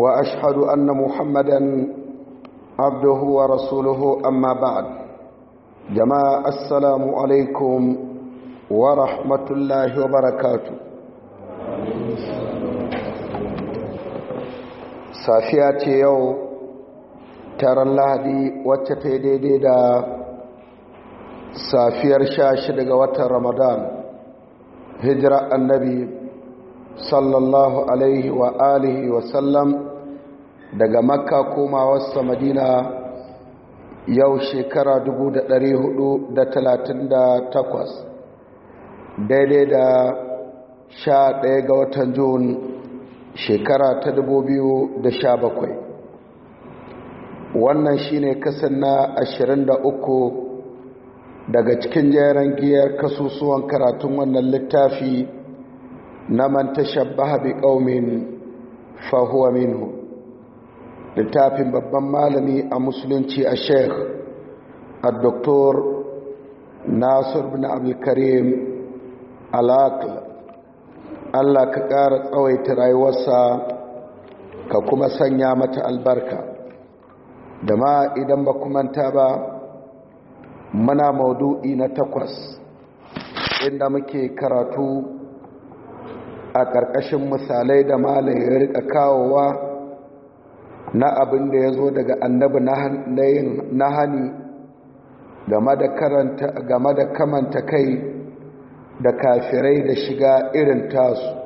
وأشهد أن محمدا عبده ورسوله أما بعد جماعة السلام عليكم ورحمة الله وبركاته سافيات يو ترى الله دي واتفيدي دي دا safiyar sha shida ga watan ramadan hijira annabi sallallahu alaihi wa alihi wa sallam daga makka komawarsa madina yau shekara 438 daidai da sha ɗaya ga watan jun shekara ta da sha bakwai. wannan shine kasan na uku daga cikin jeren giyar kasusuwan karatun wannan littafi na man shabbaha bi qaumin fa minhu littafin babban malami a musulunci a sheikh a doktor nasir bin abdulkarim alaƙal allah ka ƙara tsawaita rayuwarsa ka kuma sanya mata albarka da ma idan ba kumanta ba muna maudu'i na takwas inda muke karatu a ƙarƙashin misalai da malam ya riƙa kawowa na abin da ya zo daga annabi na hannu game da kamanta kai da kafirai da shiga irin tasu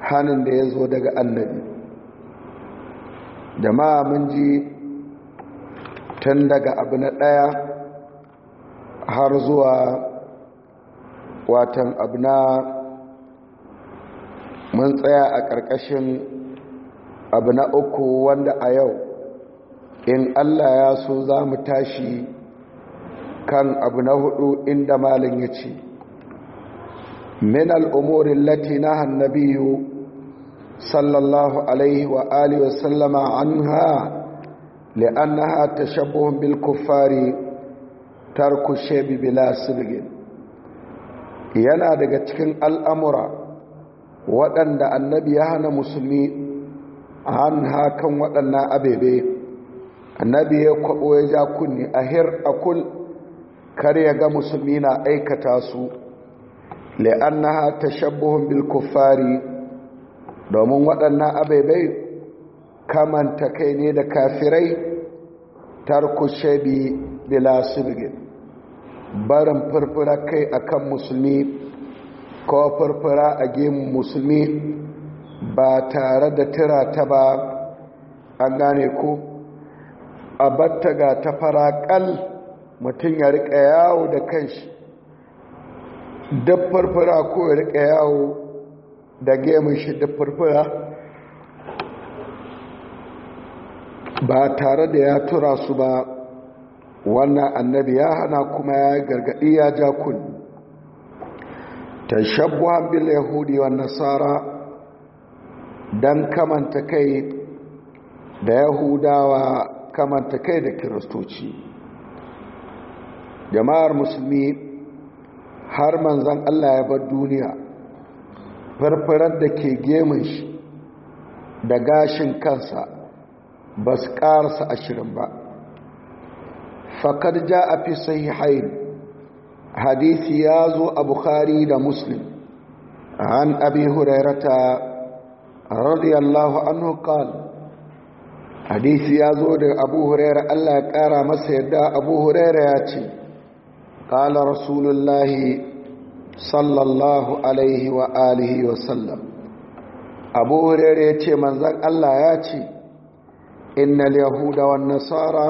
hannun da ya zo daga annabi ma mun ji tun daga abu na ɗaya har zuwa watan abu na mun tsaya a ƙarƙashin abu na uku wanda a yau in allah ya so za mu tashi kan abu na hudu inda malin ya ce min al'umurin latina hannabiyu sallallahu alaihi wa alihi wasallama an ha li'annaha tashabbuhun kuffari tarku shebi bila yana daga cikin al'amura waɗanda annabi ya hana musulmi an hakan waɗannan abebe annabi ya kwaɓo ya ja kunni a her a kul kar ya ga musulmi na aikata su la'annaha tashabbuhun bil kuffari domin waɗannan abebe kamanta kai ne da kafirai tarku shabi bila sibgin barin furfura kai akan musulmi ko farfara a gemun musulmi ba tare da tira ta ba an gane ko a batta ga ta kal mutum ya rika yawo da kanshi duk farfara ko ya rika yawo da gemun shi duk farfara ba tare da ya tura su ba wannan annabi ya hana kuma ya gargadi ya ja kunni tashabbuhan bil yahudi wa nasara dan kamanta kai da yahudawa kamanta kai da kiristoci jama'ar musulmi har manzan Allah ya bar duniya farfarar da ke gemun shi da gashin kansa ba su ƙarsa ashirin ba fakar ja a fi sahihain hadisi ya zo a bukhari da muslim an abi hurairata radiyallahu anhu kan. hadisi ya zo da abu hurairar allah ya kara masa yadda abu hurairar ya ce Kala rasulullahi sallallahu alaihi wa alihi wa sallam abu hurairar ya ce manzan allah ya ce innal yahuda wa nasara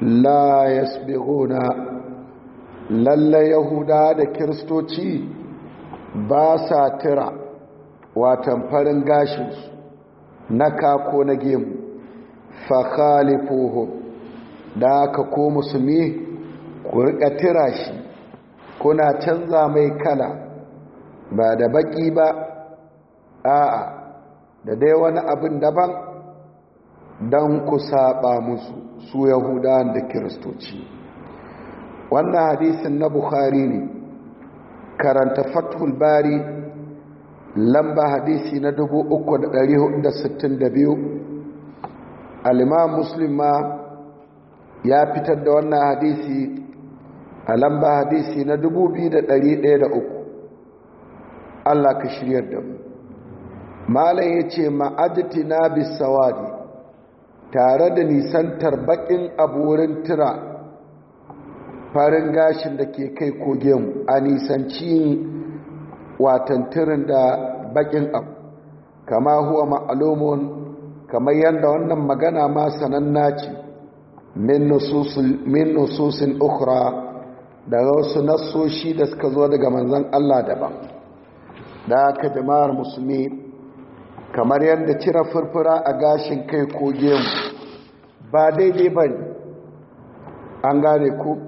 la yasbighuna lalle yahuda da kiristoci ba sa tira watan farin gashinsu na kako na gemu fa khalifuhu da aka ko musulmi ku riƙa tira shi kuna canza mai kala ba da baki ba a'a da dai wani abin daban Dan ku saba musu su yahudan da kiristoci wannan hadisin na bukhari ne karanta fathul bari lamba hadisi na 3462 alimam muslim ma ya fitar da wannan hadisi a lamba hadisi na 2103 Allah ka shiryar da mu malam ya ce na bisawadi tare da nisantar bakin abu wurin tira farin gashin da ke kai kogin a nisanci watantirin da bakin abu kama huwa ma'alumun kamar yadda wannan magana ma sananna ce min nususin ukra daga wasu nasoshi da suka zo daga manzan Allah daban da aka jama'ar musulmi kamar yadda cire furfura a gashin kai kogin ba daidai ba an gane ku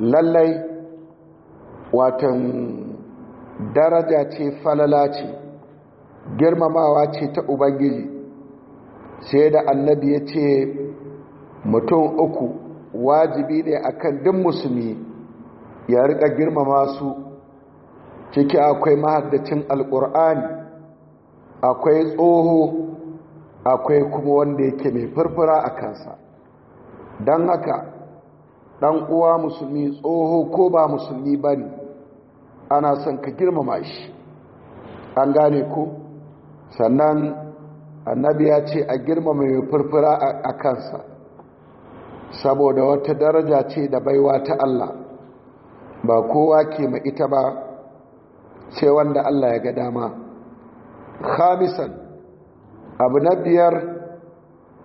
lallai watan daraja ce falala ce girmamawa ce ta ubangiji sai da annabi ya ce mutum uku wajibi ne akan duk musulmi ya riƙa girmama su ciki akwai mahaddacin alkur'ani akwai tsoho akwai kuma wanda yake mai furfura a kansa don haka Ɗan uwa musulmi tsoho ko ba musulmi bane ana son ka girmama shi an gane ko sannan annabi ya ce a girmama mai furfura a kansa saboda wata daraja ce da baiwa ta Allah ba kowa ke ma ita ba sai wanda Allah ya ga dama khamisan abu na biyar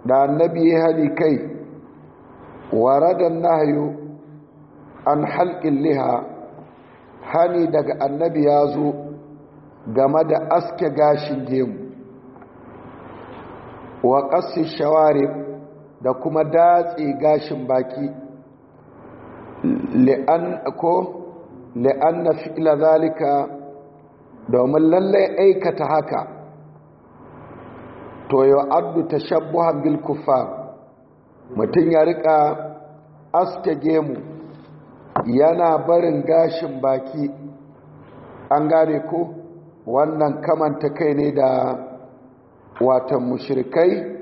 da annabi ya hali kai warada nahyu an halkin liha hani daga annabi ya zo game da aske gashin gemu wa ƙasar shawarib da kuma datse gashin baki li'an na ila zalika domin lallai aikata haka to yau addu ta bil kuffar mutum ya rika aske gemu yana barin gashin baki an gane ko wannan kamanta kai ne da watan mushrikai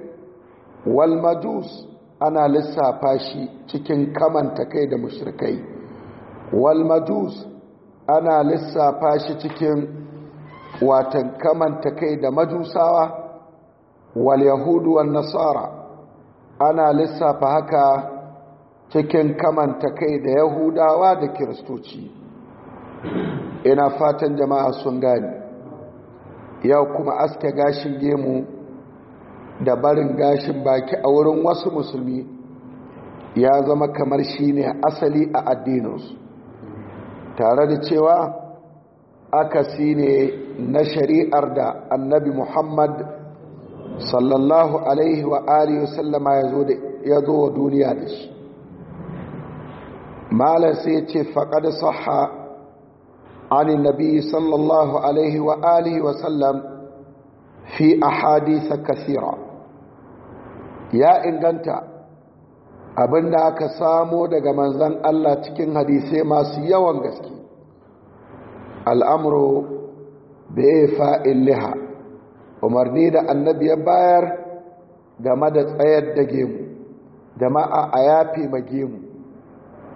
walmajus ana lissafa shi cikin kamanta kai da mushirkai walmajus ana lissafa shi cikin watan kamanta kai da majusawa wal yahudu wal nasara ana lissafa haka cikin kamanta kai da yahudawa da kiristoci ina fatan jama'a sun gani yau kuma aske gashin gemu da barin gashin baki a wurin wasu musulmi ya zama kamar shi ne asali a addininsu tare da cewa aka ne na shari'ar da annabi muhammad sallallahu alaihi wa alihi sallama ya zo wa duniya da shi malar sai ce faƙad saha anin nabi sallallahu alaihi wa alihi wa sallam fi a hadisa kasira ya inganta abin da aka samo daga manzan Allah cikin hadisai masu yawan gaske al'amuru bai fa'in liha umarni da annabi ya bayar game da tsayar da gemu jama'a a yafi ma gemu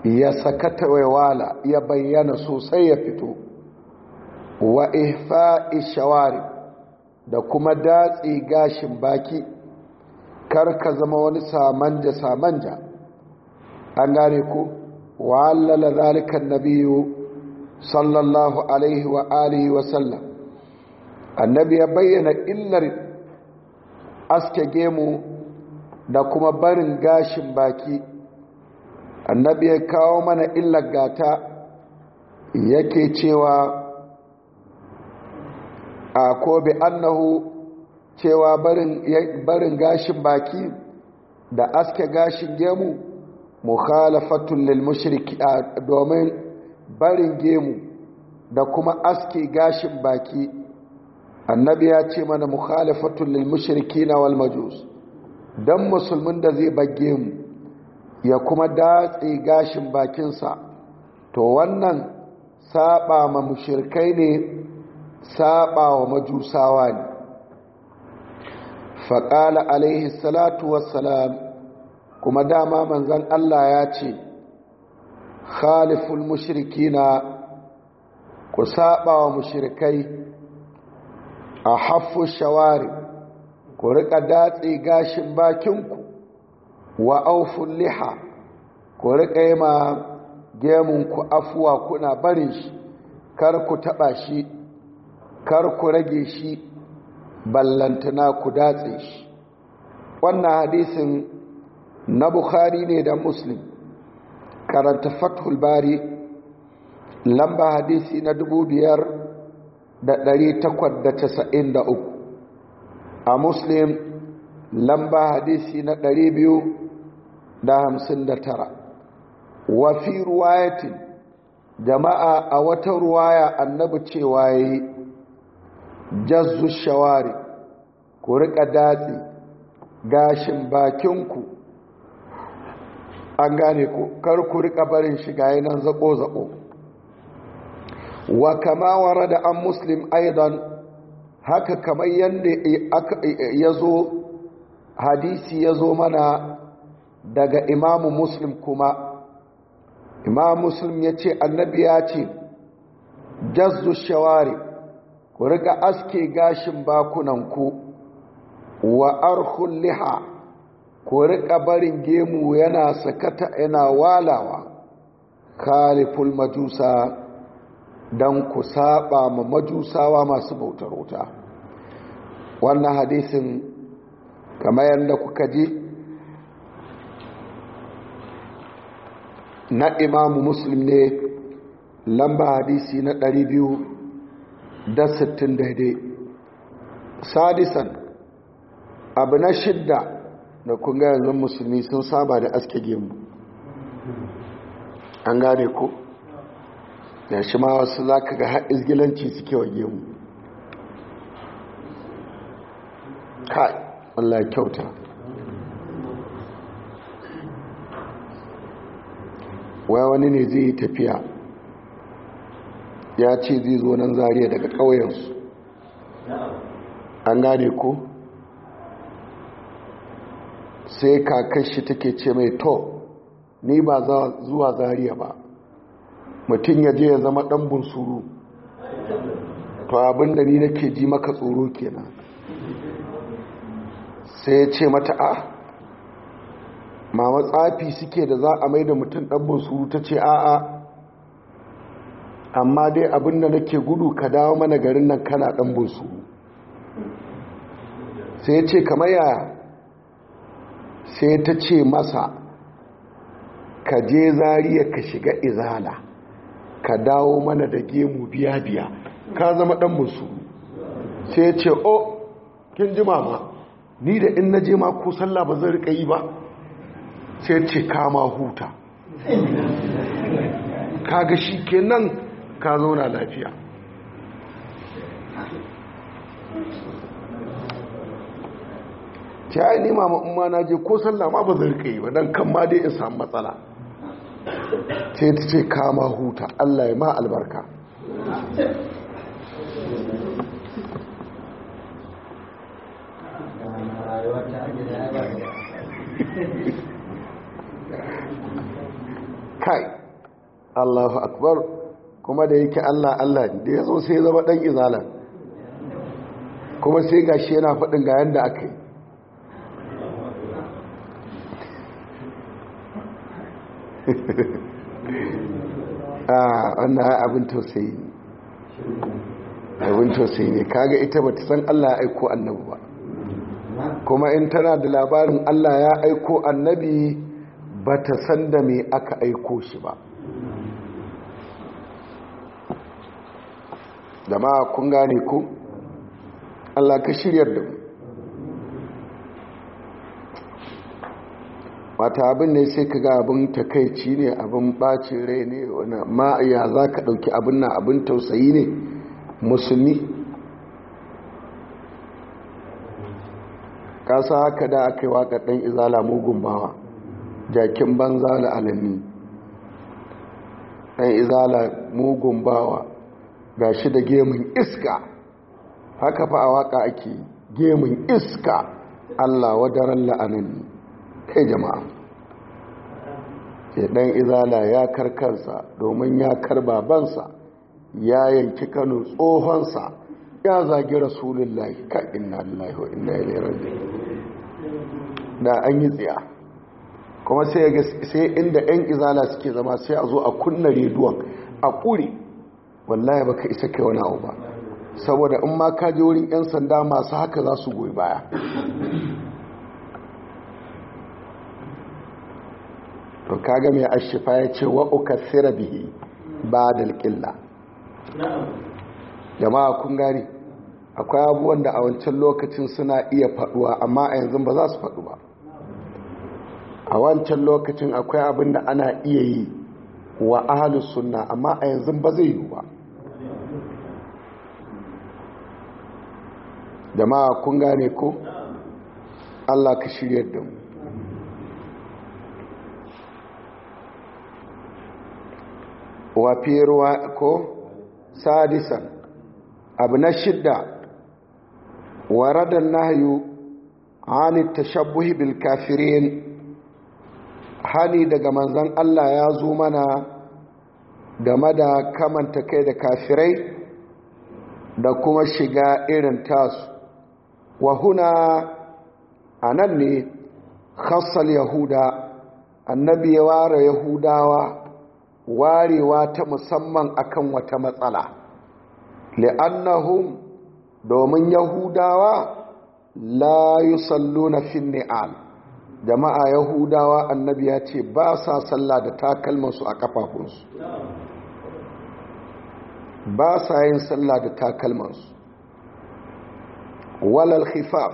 ya sakata waiwala ya bayyana sosai ya fito wa ihfa'i shawari da kuma datsi gashin baki kar ka zama wani samanja samanja an gane ku wa allala zalikan sallallahu alaihi wa alihi wa sallam annabi ya bayyana illar aske gemu da kuma barin gashin baki annabi ya kawo mana illar gata yake cewa a ko bi annahu cewa barin gashin baki da aske gashin gemu mukhalafatun lil mushriki domin barin gemu da kuma aske gashin baki annabi ya ce mana mukhalifatul lil mushrikin wal majus dan musulmin da zai bage mu ya kuma datse gashin bakinsa to wannan saba ma mushrikai ne saba wa majusawa ne qala alaihi salatu wassalam kuma dama manzan Allah ya ce khaliful mushrikina ku saba wa mushrikai a haffu shawari ku rika datse gashin bakinku wa aufun liha ku riƙa yi gemun ku afuwa kuna barin shi kar ku taɓa shi kar ku rage shi ballantana ku datse shi wannan hadisin na bukhari ne da muslim karanta fathul bari lamba hadisi na dubu biyar da ɗari takwas da casa'in da a muslim lamba hadisi na ɗari biyu da hamsin da tara wafi ruwayatin jama'a a wata ruwaya annabi cewa ya yi jazzu shawari ku rika datsi gashin bakinku an gane ku kar ku rika barin shiga yanar zaƙo zaɓo. wa kama da an muslim aidan haka kamar yadda ya zo hadisi ya zo mana daga imamu muslim kuma imamu muslim ya ce annabi ya ce jazzu shawari ku riga aske gashin bakunanku wa arhun liha ku riga barin gemu yana sakata yana walawa khaliful majusa don ku saba ma majusawa masu bautar wuta wannan hadisin kama yadda kuka ji na imamu muslim ne lamba hadisi na 260 daidai sadisan abu na shidda da kunga yanzu musulmi sun saba da aske gemu an gane ku da shi ma wasu za ka ga gilanci suke wa gemu kai allah kyauta wai wani ne zai yi tafiya ya ce zai zo nan zariya daga ƙauyensu an gane ko sai kakashi take ce mai to ni ba zuwa zariya ba mutum ya je ya zama ɗan bunsuru to abin da ni nake ji maka tsoro kenan sai ya ce mata a ah, mama tsafi suke da za a mai da mutum ɗan bunsuru ta ce a'a amma dai abin da nake gudu ka dawo mana garin nan kana ɗan bunsuru sai ya ce kamar ya sai ta ce masa ka je zariya ka shiga izala ka dawo mana da gemu biya biya ka zama dan musu sai ce o oh, kin ji mama ni da in naje ma ko sallah ba zan rika yi ba sai ce ka ma huta kaga shikenan ka zauna lafiya ta yi nema ma'amma na je ko sallah ma ba zan rika yi ba don kan ma dai in samu matsala sai ta ce kama huta allah ya ma albarka kai allahu akbar kuma da yake allah allah da ya zo sai zama dan izalan kuma sai gashi yana faɗin ga yadda aka a ah, wannan abin tausayi ne abin tausayi ne kaga ita ba ta san Allah ya aiko annabi ba kuma in tana da labarin Allah ya aiko annabi ba ta san da me aka aiko shi ba da ma kun gane ku Allah ka shirya da mu wata abin ne sai ka ga abin takaici ne abin bacin rai ne wani ma'aya za ka ɗauki abin na abin tausayi ne musulmi ƙasa haka da aka yi waƙa ɗan izala mugun bawa jakin banza da alami ɗan izala mugun bawa ga shi da gemun iska haka fa a waƙa ake gemun iska allah daren la'anani. kai jama'a ɗan izala ya karkarsa domin ya bansa ya yanki kano tsohonsa ya zagi rasulullahi ka inna lillahi wa inna ilaihi raji'un da an yi tsiya kuma sai inda 'yan izala suke zama sai a zo a kunna reduwan a ƙuri wallahi baka isa kai wani abu ba saboda in ma je wurin 'yan sanda masu haka za su goyi baya to kaga mai ashifa ya ce wa tsira bihi ba da Da jama'a kun gari akwai abubuwan da a wancan lokacin suna iya faduwa amma a yanzu ba za su faɗu ba a wancan lokacin akwai abin da ana iya yi wa ahalus sunna amma a yanzu ba zai yi ba jama'a kun gane ko Allah ka shirya da mu wa ko sadisan abu na shidda hani ta عن bil kafirin, hani daga manzan Allah ya zo mana game da kamanta kai da kafirai da kuma shiga irin tasu wa huna a nan ne khassal yahuda annabi ya ware yahudawa warewa ta musamman akan wata matsala li'annahum domin yahudawa la yusalluna fin ni'al jama'a yahudawa annabi ya ce ba sa sallah da takalmansu a kafafunsu ba sa yin sallah da takalmansu walal khifaf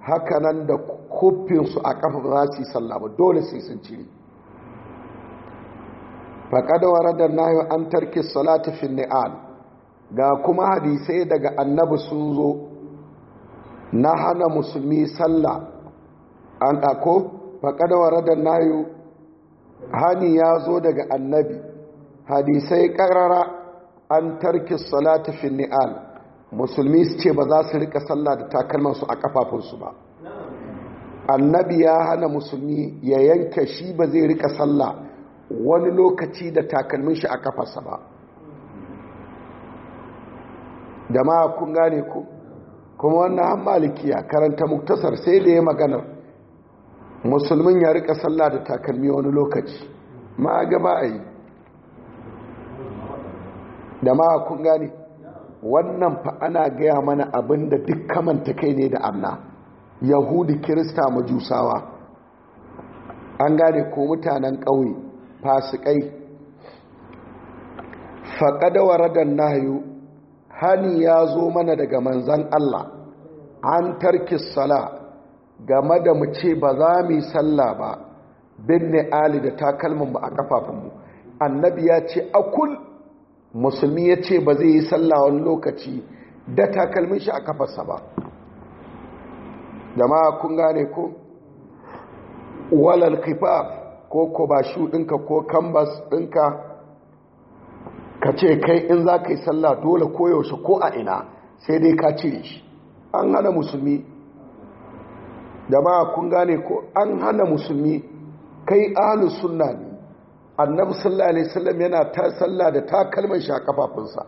hakanan da kuffinsu a kafafun za su yi sallah ba dole sai sun cire faƙad warada nayo an tarki salatifin ni'al ga kuma hadisai daga annabi sun zo na hana musulmi sallah an ɗako radar na yi hani ya zo daga annabi hadisai ƙarara an tarki salatifin ni'al musulmi su ce ba za su rika sallah da takalmansu a kafafunsu ba annabi ya hana musulmi ya yanke shi ba zai rika sallah wani lokaci da takalmin shi a kafarsa ba da ma kun gane ku kuma wannan han malikiya karanta muktasar sai da ya maganar musulmin ya rika sallah da takalmi wani lokaci ma gaba a yi da ma kun gane wannan fa ana gaya mana abin da duk kamanta kai ne da Allah, yahudi kirista majusawa an gane ko mutanen ƙauye fasikai faƙadawa radar nahayu hani ya zo mana daga manzan Allah an tarki sala game da mu ce ba za mu yi sallah ba binne ali da takalmin ba a kafafunmu annabi ya ce a akul musulmi ya ce ba zai yi sallah wani lokaci da takalmin shi a ƙafarsa ba jama'a kun gane ku walal kifaf ko kobashu ɗinka ko kambas ɗinka ka ce kai in za ka yi sallah dole koyaushe ko a ina sai dai ka cire shi an hana musulmi jama'a kun gane ko an hana musulmi kai ahalus sunna ne annabi sallallahu alaihi wasallam yana ta sallah da ta kalmar shi a kafafunsa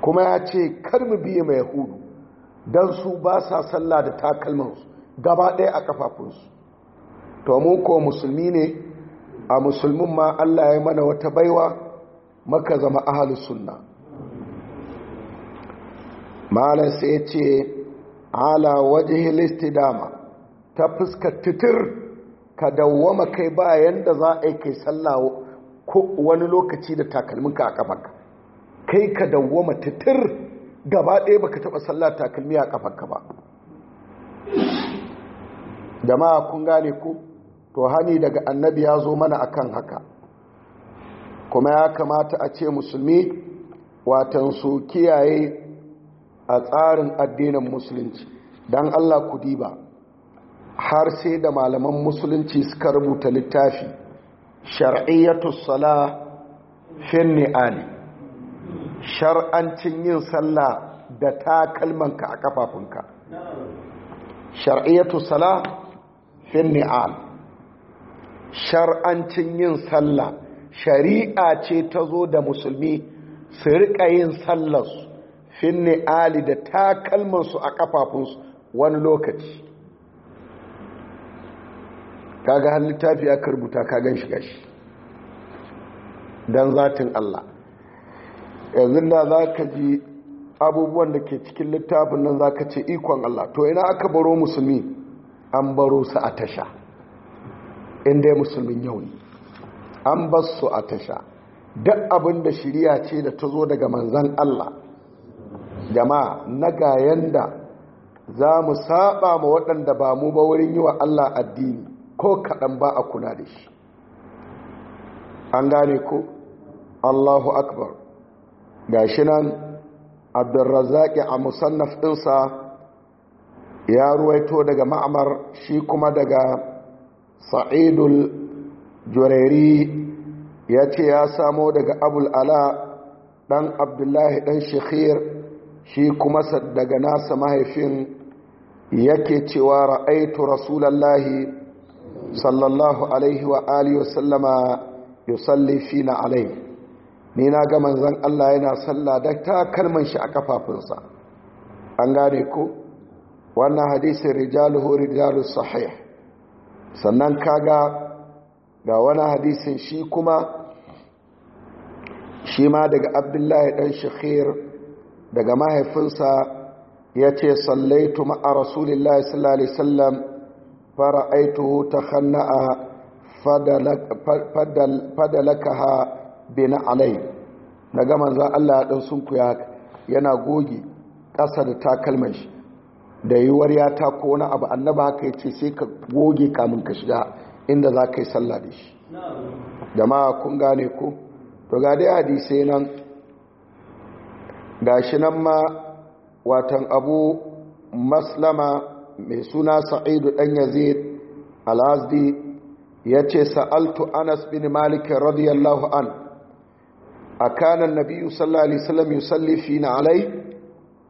kuma ya ce kar mu biye mai hudu don su ba sa sallah da su, gaba ɗaya a kafafunsu to mu ko musulmi ne a musulmin ma Allah ya mana wata baiwa maka zama ahalus sunna malam sai ya ce ala wajhi listidama ta fuska titir ka dawwama kai ba yanda za a yi kai sallah wani lokaci da takalminka a kafanka kai ka dawwama titir gaba ɗaya baka taɓa sallah takalmi a kafanka ba jama'a kun gane ku to daga annabi ya zo mana akan haka kuma ya kamata a ce musulmi watan su kiyaye a tsarin addinin musulunci don allah ku diba har sai da malaman musulunci suka rubuta littafi shar'iyyatu sala fin ni'ani, shar'ancin yin sallah da takalmanka a kafafunka shar'iyyatu sala fin ni'ali shar'ancin yin sallah shari'a ce ta zo da musulmi su riƙa yin sallarsu finne ali da takalmansu a ƙafafunsu wani lokaci kaga har littafi aka rubuta kagan shi don zatin Allah yanzu da za ka ji abubuwan da ke cikin littafin nan za ka ce ikon Allah to ina aka baro musulmi an baro su a tasha inda musulmin yau ne an ba su a tasha duk abin da shirya ce da ta zo daga manzan Allah jama'a na ga yanda za mu saba ma waɗanda ba mu ba wurin yi wa Allah addini ko kaɗan ba a kula da shi an gane ko Allahu akbar ga shi nan abdurrazzaki a musannaf ɗinsa ya ruwaito daga ma'amar shi kuma daga sa'idul jureri ya ce ya samo daga abul ala ɗan abdullahi ɗan shekhir shi kuma daga nasa mahaifin yake cewa ra'aitu rasulallahi sallallahu alaihi wa alihi sallama yusalli na ni na ga manzan Allah yana salla da kalman shi a kafafunsa an gane ku wannan hadisin rijaluhu rijalus sahih sannan kaga ga wani hadisin shi kuma shi ma daga abdullahi dan shakhir daga mahaifinsa ya ce sallaitu ma'a rasulillahi sallallahu alaihi wasallam fara'aituhu ha fadalakaha bina alai na gama Allah ɗan sunkuya yana goge ƙasa da takalmashi da yiwuwar ya ko wani abu annaba haka ya ce sai ka goge kamun ka shiga inda za ka yi sallah da shi jama'a kun gane ko to ga dai hadisai nan ga shi nan ma watan abu maslama mai suna sa'idu ɗan yazid al-azdi ya ce sa'altu anas bin malik radiyallahu an a kanan nabi sallallahu alaihi wasallam yusalli fi na alai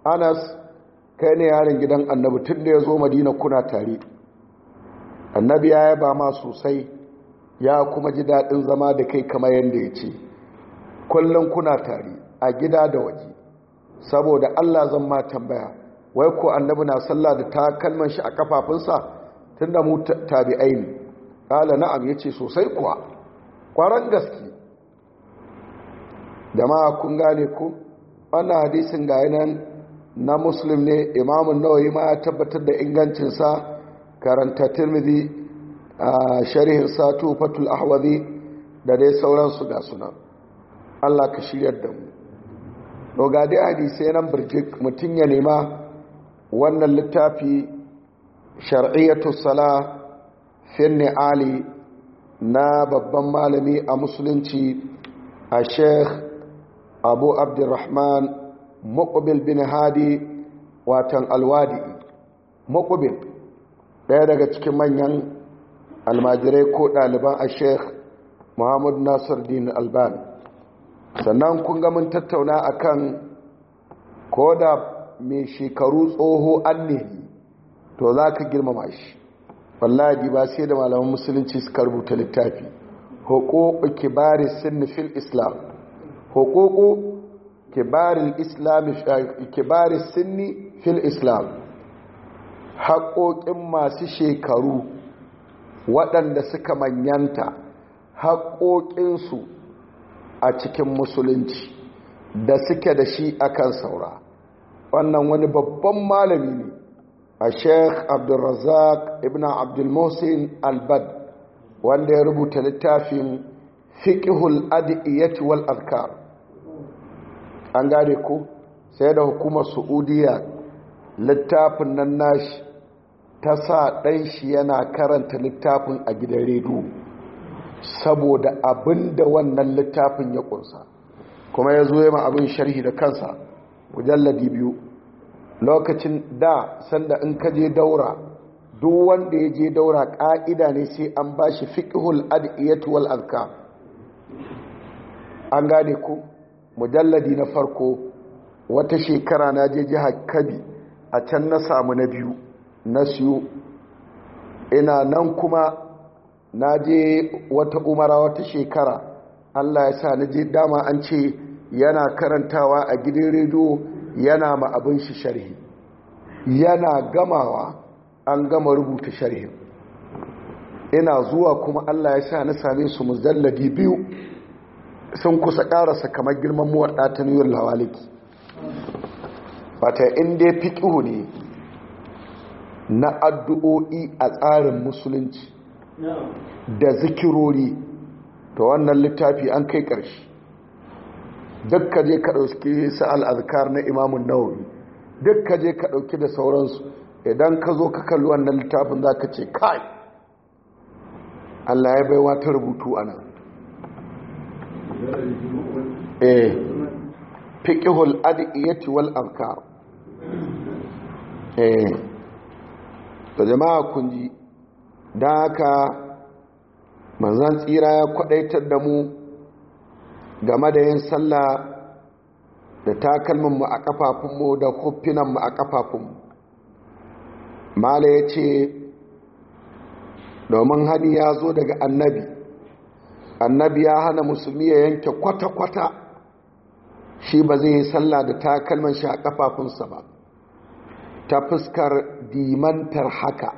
anas kai ne yaron gidan annabi tun da ya zo madina kuna tare annabi ya yaba ma sosai ya kuma ji daɗin zama da kai kamar yadda ya ce kullum kuna tare a gida da waje saboda allah zan ma tambaya wai ko annabi na sallah da ta kalman shi a kafafunsa tun da mu tabi ne ƙala na'am ya ce sosai kuwa ƙwaron gaske Da ma kun gane ku wannan hadisin ga yanayin na muslim ne imamun nawayi ma ya tabbatar da ingancinsa karanta tirmidhi a sharihin satu fatul ahwazi da dai sauransu ga sunan allah ka shiryar da mu dai hadisai nan birjik mutum ya nema wannan littafi shar'iyyatu sala finni ali na babban malami a musulunci a sheikh abu abdurrahman muqbil bin hadi watan alwadi muqbil daya daga cikin manyan almajirai ko ɗaliban a sheikh muhammadu Nasiru din alban. sannan kun ga mun tattauna kan? ko da mai shekaru tsoho annihi to za ka girmama shi wallahi ba sai da malaman musulunci suka rubuta littafi hukuku kibarin sinni fil islam hukuku kibari sinni fil islam haƙoƙin masu shekaru waɗanda suka manyanta haƙoƙinsu a cikin musulunci da suke da shi akan saura wannan wani babban malami ne a sheikh abdulrazak ibn Al albad wanda ya rubuta littafin fiƙihul ad'iyati wal adkar an gane ku? sai da hukumar saudiya littafin nan nashi ta sa ɗan shi yana karanta littafin a gidan rediyo saboda abin da wannan littafin ya kunsa kuma ya zo yama abin sharhi da kansa mujalladi biyu lokacin da sanda in ka je daura duk wanda ya je daura ƙa'ida ne sai an ba shi fiƙihul adiyatu wal an gane ku mujalladi na farko wata shekara na je jihar kabi a can na samu na biyu na siyo ina nan kuma na je wata umara wata shekara allah ya sa na je dama an ce yana karantawa a gidan rediyo yana ma abin shi sharhi yana gamawa an gama rubuta sharhin ina zuwa kuma allah ya sa na same su mujalladi biyu sun kusa karasa kamar girman muwaɗa ta niyar lawaliki wata inda ya fi ƙihu ne na addu'o'i a tsarin musulunci da zikirori ta wannan littafi an kai ƙarshe dukka je ka ɗauki sa'al azkar na imamun nawawi dukka je ka ɗauki da sauransu idan ka zo ka kalli wannan littafin za ka ce kai Allah ya baiwa ta rubutu a nan eh fiqhul adiyati wal afkar eh to jama'a kun ji Da haka manzan tsira ya kwadaitar da mu game da yin sallah da mu a ƙafafunmu, da mu a mu mala yace domin hani ya zo daga annabi annabi ya hana musulmi ya yanke kwata-kwata shi ba zai yi sallah da takalman shi a kafafunsa ba ta fuskar dimantar haka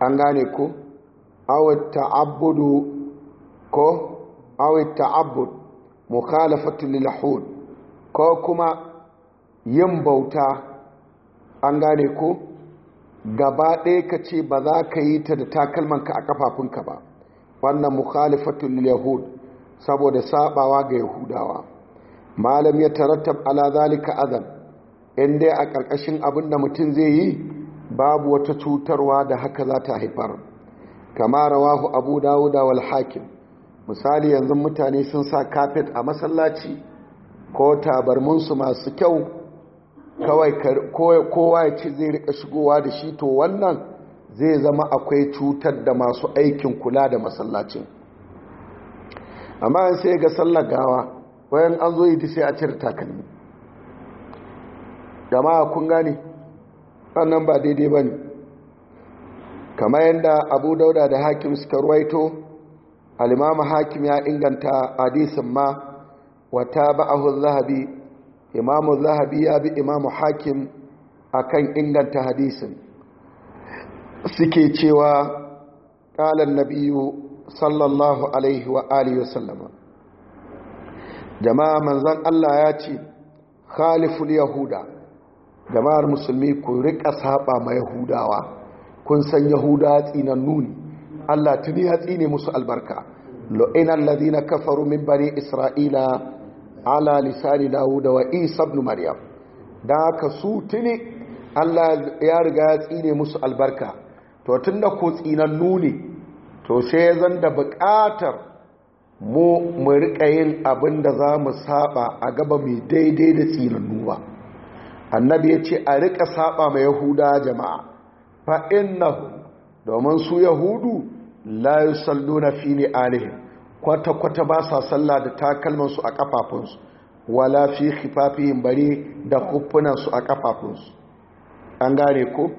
an gane ko awata abudu ko awata ta'abbud mukhalafatu lil hud ko kuma yin bauta an gane ko gaba ɗaya ka ce ba za ka yi ta da takalmanka a kafafunka ba wannan mukhalifatul yahud saboda sabawa ga yahudawa malam ya tarattab ala zalika azab in dai a ƙarƙashin abin da mutum zai yi babu wata cutarwa da haka za ta haifar kama rawahu abu dawuda wal hakim misali yanzu mutane sun sa kafet a masallaci ko tabarminsu masu kyau kawai kowa ya ce zai rika shigowa da shi to wannan zai zama akwai cutar da masu aikin kula da masallacin amma an sai ga sallar gawa wayan an zo yi sai a cire takalmi jama'a kun gane wannan ba daidai ba ne kama yadda abu dauda da hakim suka ruwaito alimama hakim ya inganta hadisin ma wata ba'ahu zahabi imamu zahabi ya bi imamu hakim akan inganta hadisin suke cewa na nabiyu sallallahu alaihi wa alihi sallama jama'a manzan Allah ya ce khaliful yahuda jama'ar musulmi kun riƙa saba ma yahudawa kun san yahuda tsinan nuni Allah tuni ya tsine musu albarka lo'inan na kafaru min Bari isra'ila ala lisani dawuda wa isa ibn maryam da ka su tuni Allah ya riga ya tsine musu albarka to tun da ko tsinannu ne to sai zan da buƙatar mu mu riƙa yin abin da za mu saba a gaba mai daidai da tsinannu ba annabi ya ce a riƙa saba mai yahuda jama'a fa innahu domin su yahudu la na fi ni alihim kwata kwata ba sa sallah da takalmansu a kafafunsu wala fi khifafihim bare da kufunansu a kafafunsu an gane ku.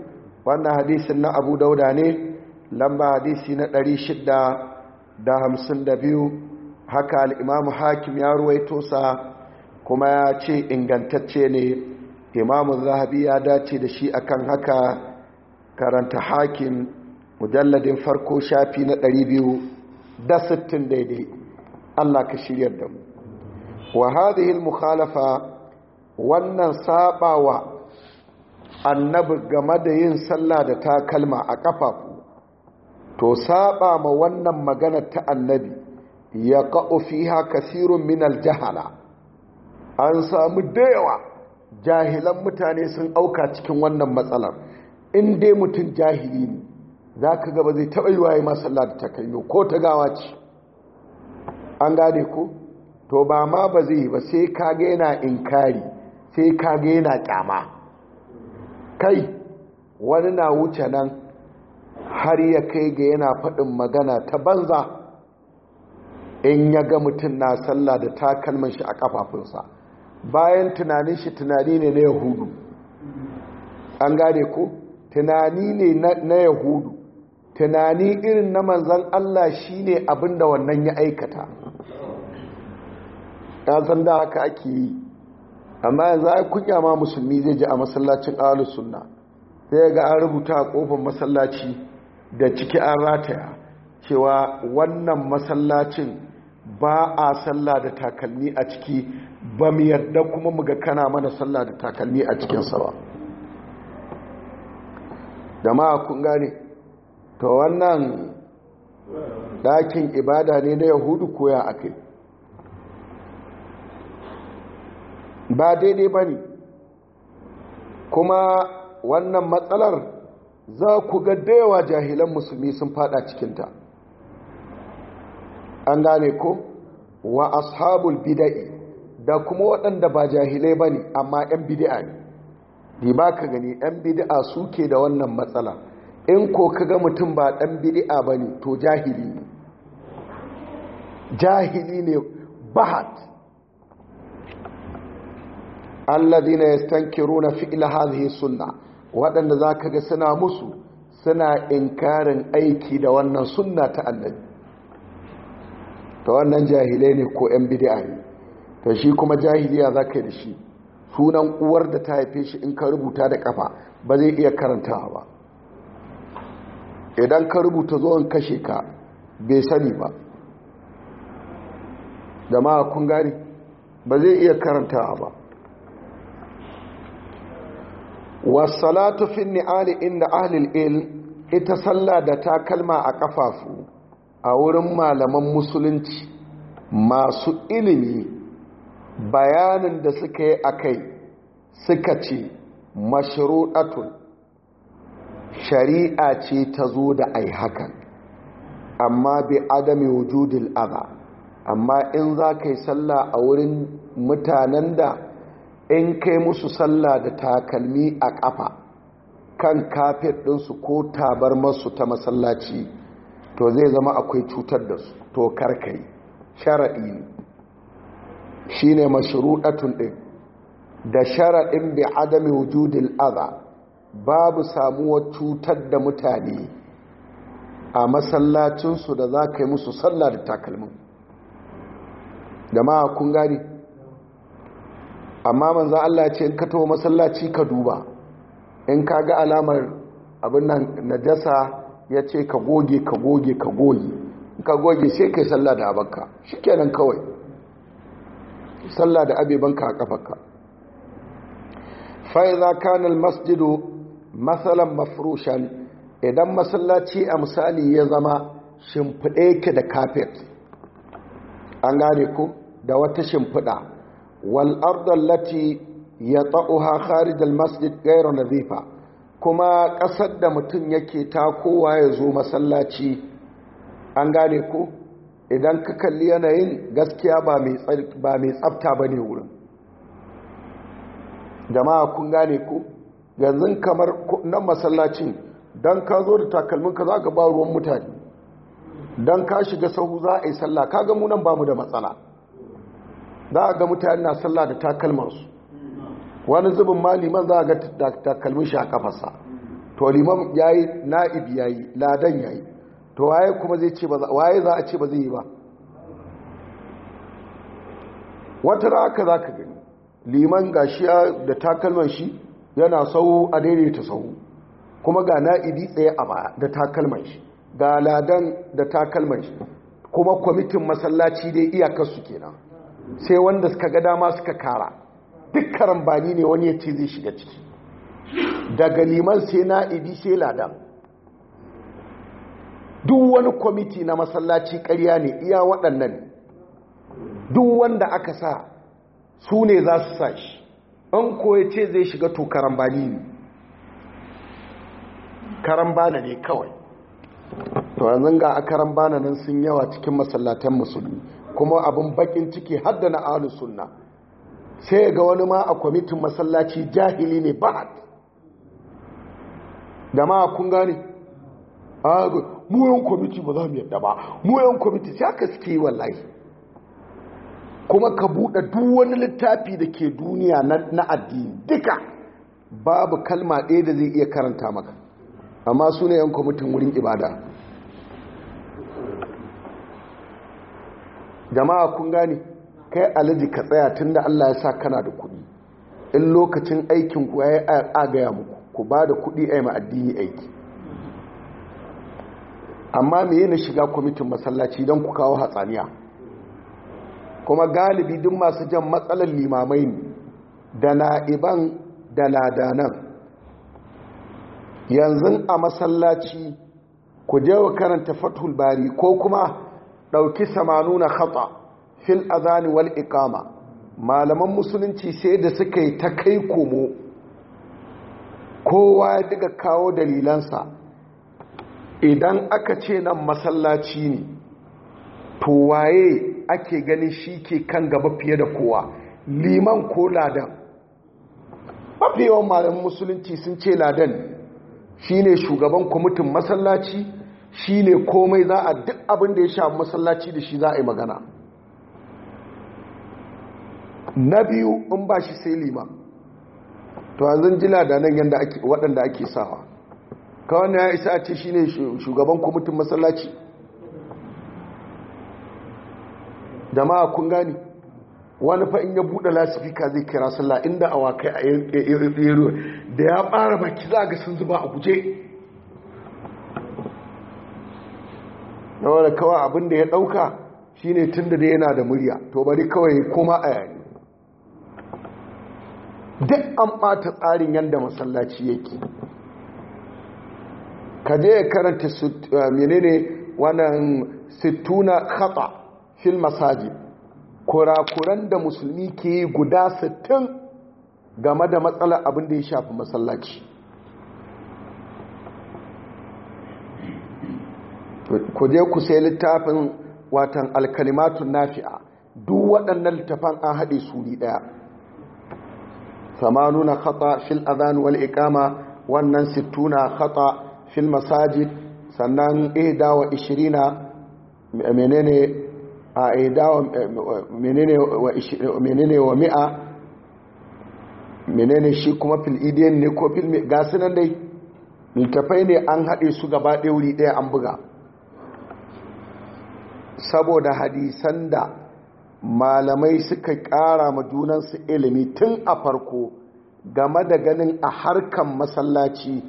wannan hadisin na abu dauda ne lamba hadisi na 652 haka al'imamu hakim ya ruwaito sa kuma ya ce ingantacce ne imamun zahabi ya dace da shi akan haka karanta hakim mujalladin farko shafi na da 60 daidai Allah ka shirya da mu wa hadhihi mukhalafa wannan sabawa annabi game da yin sallah da takalma a ƙafafu to saba ma wannan magana ta annabi ya ka'u fiha kasirun min aljahala an samu yawa jahilan mutane sun auka cikin wannan matsalar in dai mutum jahili ne za ka gaba zai taɓa yi waye masallah da takalmi ko ta gawa ce an gane ko to ba ma ba zai ba sai ka yana inkari sai ka ga yana kyama kai wani na wuce nan har ya kai ga yana faɗin magana ta banza in ya ga mutum na sallah da takalman shi a kafafunsa bayan tunanin shi tunani ne na yahudu an gane ko tunani ne na yahudu tunani irin na manzan Allah shi ne abinda wannan ya aikata Ya san da haka ake yi amma yanzu ai kunya ma musulmi zai ji a masallacin ahlus sunna sai ga an rubuta a kofar masallaci da ciki an rataya cewa wannan masallacin ba a sallah da takalmi a ciki ba mu yarda kuma mu ga kana mana sallah da takalmi a cikinsa ba da ma kun gane to wannan dakin ibada ne na yahudu koya akai ba daidai ba ne kuma wannan matsalar za ku ga dayawa jahilan musulmi sun fada cikinta an gane ko wa ashabul bida'i da kuma waɗanda ba jahilai ba ne amma 'yan bida'a ne ni ba ka gani 'yan bida'a suke da wannan matsala in ko ka ga mutum ba ɗan bida'a ba ne to jahili ne jahili ne bahat alladhina na fi'la hazihi suna, waɗanda za ka ga suna musu suna inkarin aiki da wannan suna ta annabi ta wannan jahilai ne ko yan bid'a ne ta shi kuma jahiliya zaka yi da shi sunan uwar da ta haife shi in ka rubuta da kafa ba zai iya karantawa ba idan ka rubuta zuwan kashe ka bai sani ba da ma kun gani ba zai iya karantawa ba wasalatu fi ni'ali inda ahlil il ita sallah da takalma a kafafu a wurin malaman musulunci masu ilimi bayanin da suka yi akai suka ce mashru'atun shari'a ce ta zo da ai hakan amma bi adami wujudil adha amma in za ka yi sallah a wurin mutanen da in kai musu sallah da takalmi a ƙafa kan kafet ɗinsu ko tabar masu ta masallaci to zai zama akwai cutar da su to karkai sharaɗi ne shi ne mashiruɗatun ɗin da sharaɗin bi adami wujudin aza babu samuwar cutar da mutane a masallacinsu da za ka yi musu sallah da takalmin jama'a kun gani amma manzan Allah ce in ka taho masallaci ka duba in ka ga alamar abin nan na jasa, ya ce ka goge ka goge ka goge In ka goge sai kai sallah da abanka kenan kawai sallah da abibanka a kafarka fa idza masjido masjidu masalan mafrushan idan masallaci a misali ya zama shimfiɗe ke da kafet an gane ku da wata shimfiɗa Lati ya masjid والأرض التي يطأها خارج المسجد غير نظيفة ta kowa ya zo masallaci an gane ku? idan ka kalli yanayin gaskiya ba mai tsafta ba ne wurin jama'a kun gane ku yanzu kamar nan masallacin don ka zo da takalminka za ka ba ruwan mutane don ka shiga sahu za a yi sallah ka ga munan ba mu da matsala za a ga mutane na sallah da su. wani zubin ma liman za a ga takalmin shi a kafarsa to liman ya yi na'ib ya yi ladan ya yi to waye kuma zai ce waye za a ce ba zai yi ba wata raka za ka gani liman gashiya da takalman shi yana sau a daidai ta sau kuma ga na'ibi tsaye a ba da takalman shi ga ladan da takalman shi kuma kwamitin masallaci dai iyakarsu kenan sai wanda suka ga dama suka kara duk karambani ne wani ya ce zai shiga ciki daga liman sai na'ibi sai ladan duk wani kwamiti na masallaci karya ne iya waɗannan duk wanda aka sa su ne za su sa shi an koya ce zai shiga to karambani ne karambana ne kawai to yanzu ga a karambana nan sun yawa cikin masallatan musulmi kuma abin bakin ciki hadda na alu sunna sai ga wani ma a kwamitin masallaci jahili ne ba'ad da ma kun gani ah, mu yan kwamiti ba za mu yadda ba mu kwamiti sai aka suke wallahi kuma ka buɗe duk wani littafi da ke duniya na addini duka babu kalma ɗaya da zai iya karanta maka amma su yan kwamitin wurin ibada jama'a kun gane kai alaji ka tsaya tun da allah ya sa kana da kuɗi in lokacin aikin ku ya yi agaya muku ku ba da kuɗi a yi ma'addini aiki amma me yi na shiga kwamitin masallaci don ku kawo hatsaniya kuma galibi duk masu jan matsalar limamai ne da na'iban da ladanan yanzu a masallaci ku je wa karanta fathul bari ko kuma ɗauki samanuna khata fil azani wal iqama malaman musulunci sai da suka yi ta kai komo kowa ya diga kawo dalilansa idan aka ce nan masallaci ne to waye ake ganin shi ke kan gaba fiye da kowa liman ko ladan mafi yawan malaman musulunci sun ce ladan shine shugaban kwamitin masallaci shi ne komai za a duk abin da ya sha masallaci da shi za a yi magana na biyu in ba shi sai lima to zan jila da nan yadda waɗanda ake sawa kawai na ya isa a ce shi ne shugaban kwamitin masallaci jama'a kun gani wani fain ya buɗe lasifika zai kira sallah inda awakai a yi da ya ɓara baki za ga sun zuba a guje na wani kawai abin da ya ɗauka shi ne tun da yana da murya to bari kawai kuma a yayi duk an bata tsarin yadda masallaci yake ka je ya karanta eh, menene wannan situna khata fil masaji kurakuran da musulmi ke yi guda sittin game da matsalar abin da ya shafi masallaci ku je ku sai littafin watan alkalimatun nafi'a duk waɗannan littafan an haɗe suri ɗaya samanu na khata fil adhan wal iqama wannan sittuna khata fil masajid sannan ihda wa ishirina menene a ihda wa menene wa menene wa mi'a menene shi kuma fil idiyan ne ko fil gasunan dai littafai ne an haɗe su gaba ɗaya wuri ɗaya an buga saboda hadisan da malamai suka ƙara ma junansu ilimi tun a farko game da ganin a harkan masallaci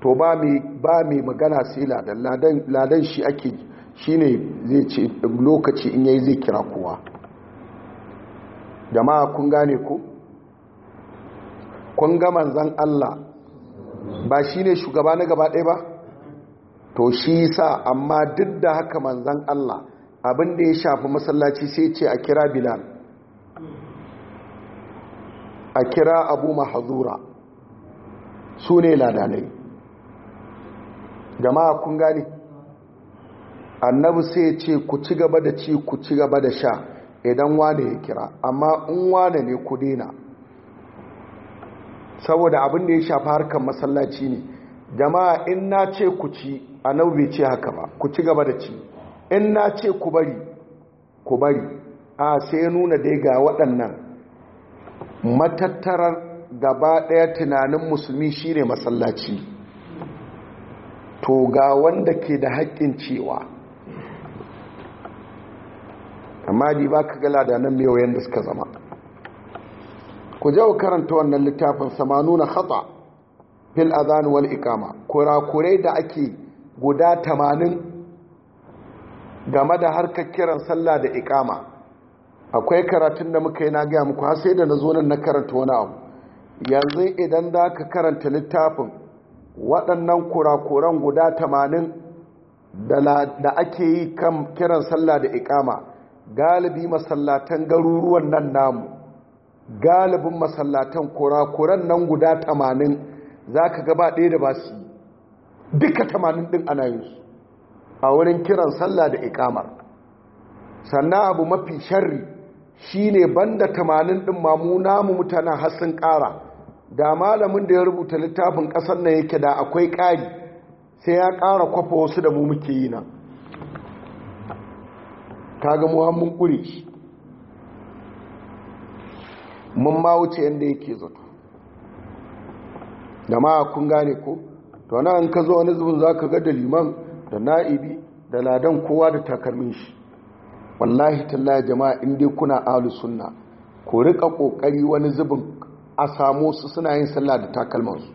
to ba mai magana sai ladan ladan shi ake shi ne zai ce lokaci in yayi zai kira kowa jama'a kun gane ku kun ga manzan Allah ba shi ne shugaba na gaba ɗaya ba to shi sa amma duk da haka manzan Allah abin da ya shafi masallaci sai ce a kira bilal a kira abu mahazura su ne ladanai gama kun gani annabi sai ce ku ci gaba da ci ku ci gaba da sha idan wane ya kira amma in wane ne ku dina saboda abin da ya shafi harkar masallaci ne jama'a in na ce ku ci annabi bai ce haka ba ku ci gaba da ci in na ce ku bari ku bari a sai nuna dai ga waɗannan matattarar gaba ɗaya tunanin musulmi shine masallaci to ga wanda ke da haƙƙin cewa amma di ba ka gala da nan mewayen da suka zama ku jau karanta wannan littafin sama nuna khata fil azan ikama kurakurai da ake guda tamanin game da harkar kiran sallah da ikama akwai karatun da muka yi na gaya muku har sai da na zo nan na karanta wani abu yanzu idan da ka karanta littafin waɗannan kurakuran guda tamanin da ake yi kan kiran sallah da ikama galibi masallatan garuruwan nan namu galibin masallatan kurakuran nan guda tamanin za ka gaba ɗaya da ba su duka tamanin ɗin ana yin su a wurin kiran sallah da ikamar sannan abu mafi sharri shine banda tamanin din mamu namu mutanen hasin ƙara da malamin da ya rubuta littafin ƙasar na yake da akwai ƙari sai ya ƙara kwafa wasu da mu muke yi na kaga muhammun ƙure shi mun ma wuce yadda yake zato da ma kun gane ko to an ka zo wani zubin za ka ga da liman da na'ibi da ladan kowa da takalmin shi wallahi tallahi jama'a in dai kuna ahlu sunna ku rika kokari wani zubin a samu su suna yin sallah da takalmansu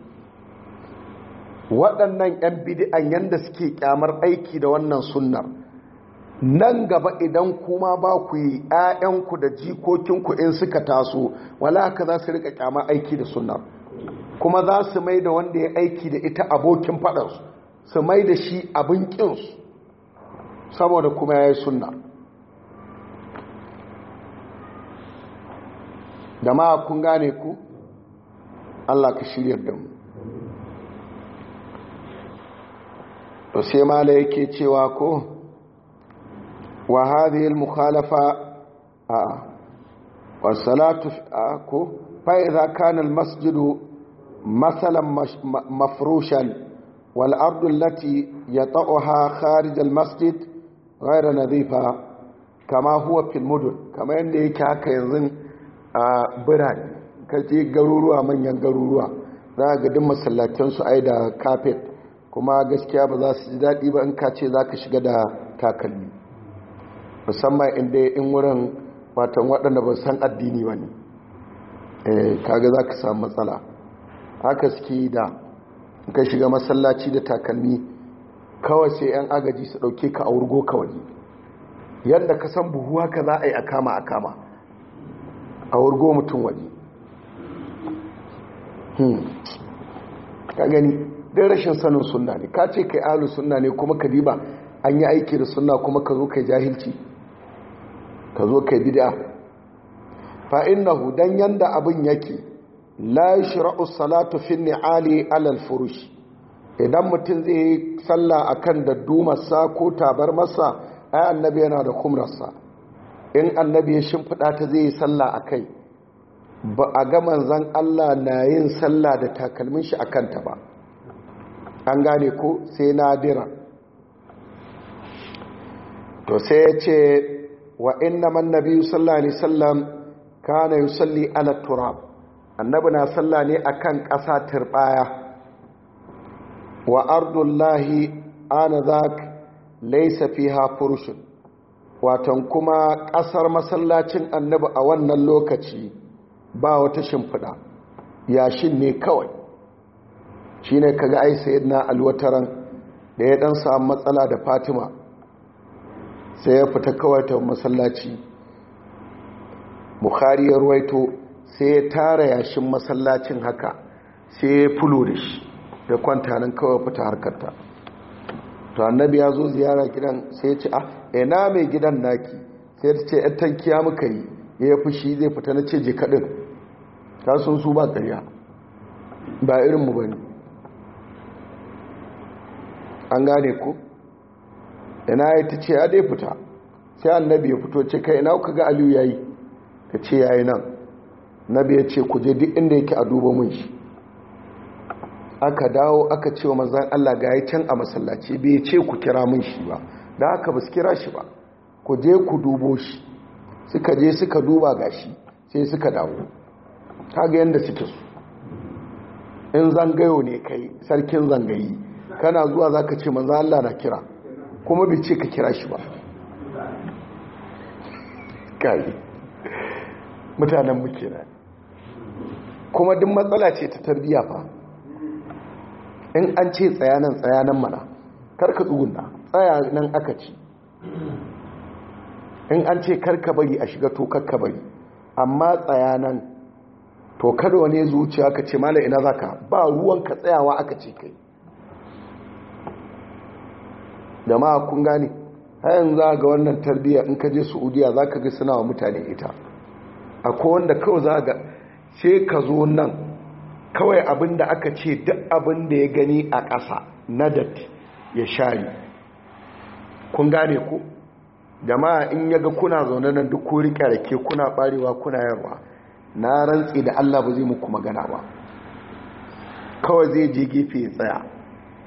waɗannan 'yan bidi'an yanda suke kyamar aiki da wannan sunnar nan gaba idan kuma ba ku yi 'ya'yanku da jikokinku in suka taso walaka za su rika kyamar aiki da sunnar kuma za su mai da wanda ya aiki da ita abokin faɗarsu su mai da shi abin ƙinsu saboda kuma ya yi sunna da ma kun gane ku allah ka shiryar da mu to sai mala yake cewa ko wa hadhihi al-mukhalafa a wa salatu ko fa kana masjidu masalan mafrushan والأرض التي يطأها خارج المسجد غير kama كما Mudun, kama yadda yake haka yanzu ينزن بران kaje garuruwa manyan garuruwa za a duk masallacin su ai da kuma gaskiya ba za su ji daɗi ba in ka ce za ka shiga da takalmi musamman inda in wurin watan waɗanda ba san addini ba ne kaga za ka samu matsala haka suke da ka shiga masallaci da takalmi kawai sai 'yan agaji su ɗauke ka a wurgo ka waje yadda ka san buhu haka za a yi a kama a kama a wurgo mutum waje hmm. ka gani don rashin sanin suna ne ka ce kai alu suna ne kuma ka diba an yi aiki da suna kuma ka zo kai jahilci ka zo kai bid'a fa'in na dan yanda abin yake la shira'u salatu fi ni'ali alal furush idan mutum zai yi sallah akan dumarsa ko tabar masa ai annabi yana da kumrarsa in annabi ya shimfiɗa ta zai yi sallah akai ba a ga manzan Allah na yin sallah da takalmin shi akan ta ba an gane ko sai nadira to sai ya ce wa inna man nabi sallallahu alaihi wasallam kana yusalli ala turab annabi na sallah ne a kan ƙasa turɓaya wa ardullahi anazak laysa fiha watan kuma ƙasar masallacin annabi a wannan lokaci ba wata shimfiɗa yashin ne kawai Shi shine kaga ai na alwataran da ya ɗan samu matsala da Fatima sai ya fita kawai ta masallaci Bukhari ya ruwaito sai ya tara yashin masallacin haka sai ya fulo da shi da kwantanin kawai fita harkarta to annabi ya zo ziyara gidan sai ya ce a ah, ina mai gidan naki sai ta ce yan tankiya muka yi ya fushi zai fita na ce je ta sun su ba ƙarya ba irinmu ba ne an gane ku ina ya ta ce ya dai fita sai annabi ya fito ce kai ina kuka ga aliyu ya yi ta ce ya yi nan nabi ya ce ku je duk inda yake a duba mun shi aka dawo aka ce wa manzan Allah ga ya can a masallaci bai ce ku kira mun shi ba da aka ba su kira shi ba ku je ku dubo shi suka je suka duba ga shi sai suka dawo ga yadda suke su in zangayo ne kai sarkin zangayi kana zuwa za ka ce manzan Allah na kira kuma bai ce ka kira shi ba kai mutanen muke na kuma duk matsala ce ta tarbiya fa in an ce tsayanan tsayanan mana karka tsuguna tsayanan aka ci in an ce karka bari a shiga to karka bari amma tsayanan to kada wani zuciya ka ce mala ina zaka ba ruwan ka tsayawa aka ce kai jama'a kun gane hayan za ga wannan tarbiyya in ka je su'udiya za ka ga suna wa mutane ita akwai wanda kawai za ga sai ka zo nan kawai abin da aka ce duk abin da ya gani a ƙasa na datti ya share kun gane ku jama'a in yaga kuna zaune nan duk ko rike kuna ɓarewa, kuna yarwa na rantsi da Allah ba zai muku magana ba kawai zai je gefe tsaya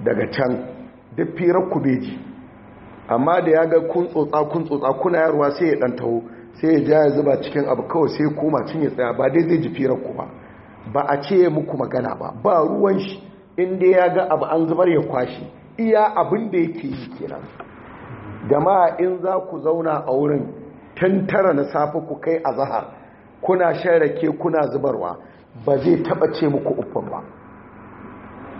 daga can duk firar ku beji amma da ya ga kun tsotsa kun tsotsa kuna yarwa sai ya ɗantawo taho sai ya ja ya zuba cikin abu kawai sai koma cin ya tsaya ba dai zai ji firar ku ba ba a ce muku magana ba ba ruwan shi inda ya ga abu an zubar ya kwashi iya abin da yake yi kenan gama in za ku zauna a wurin tantara na safe ku kai a zahar kuna shan rake kuna zubarwa ba zai taba ce muku uffan ba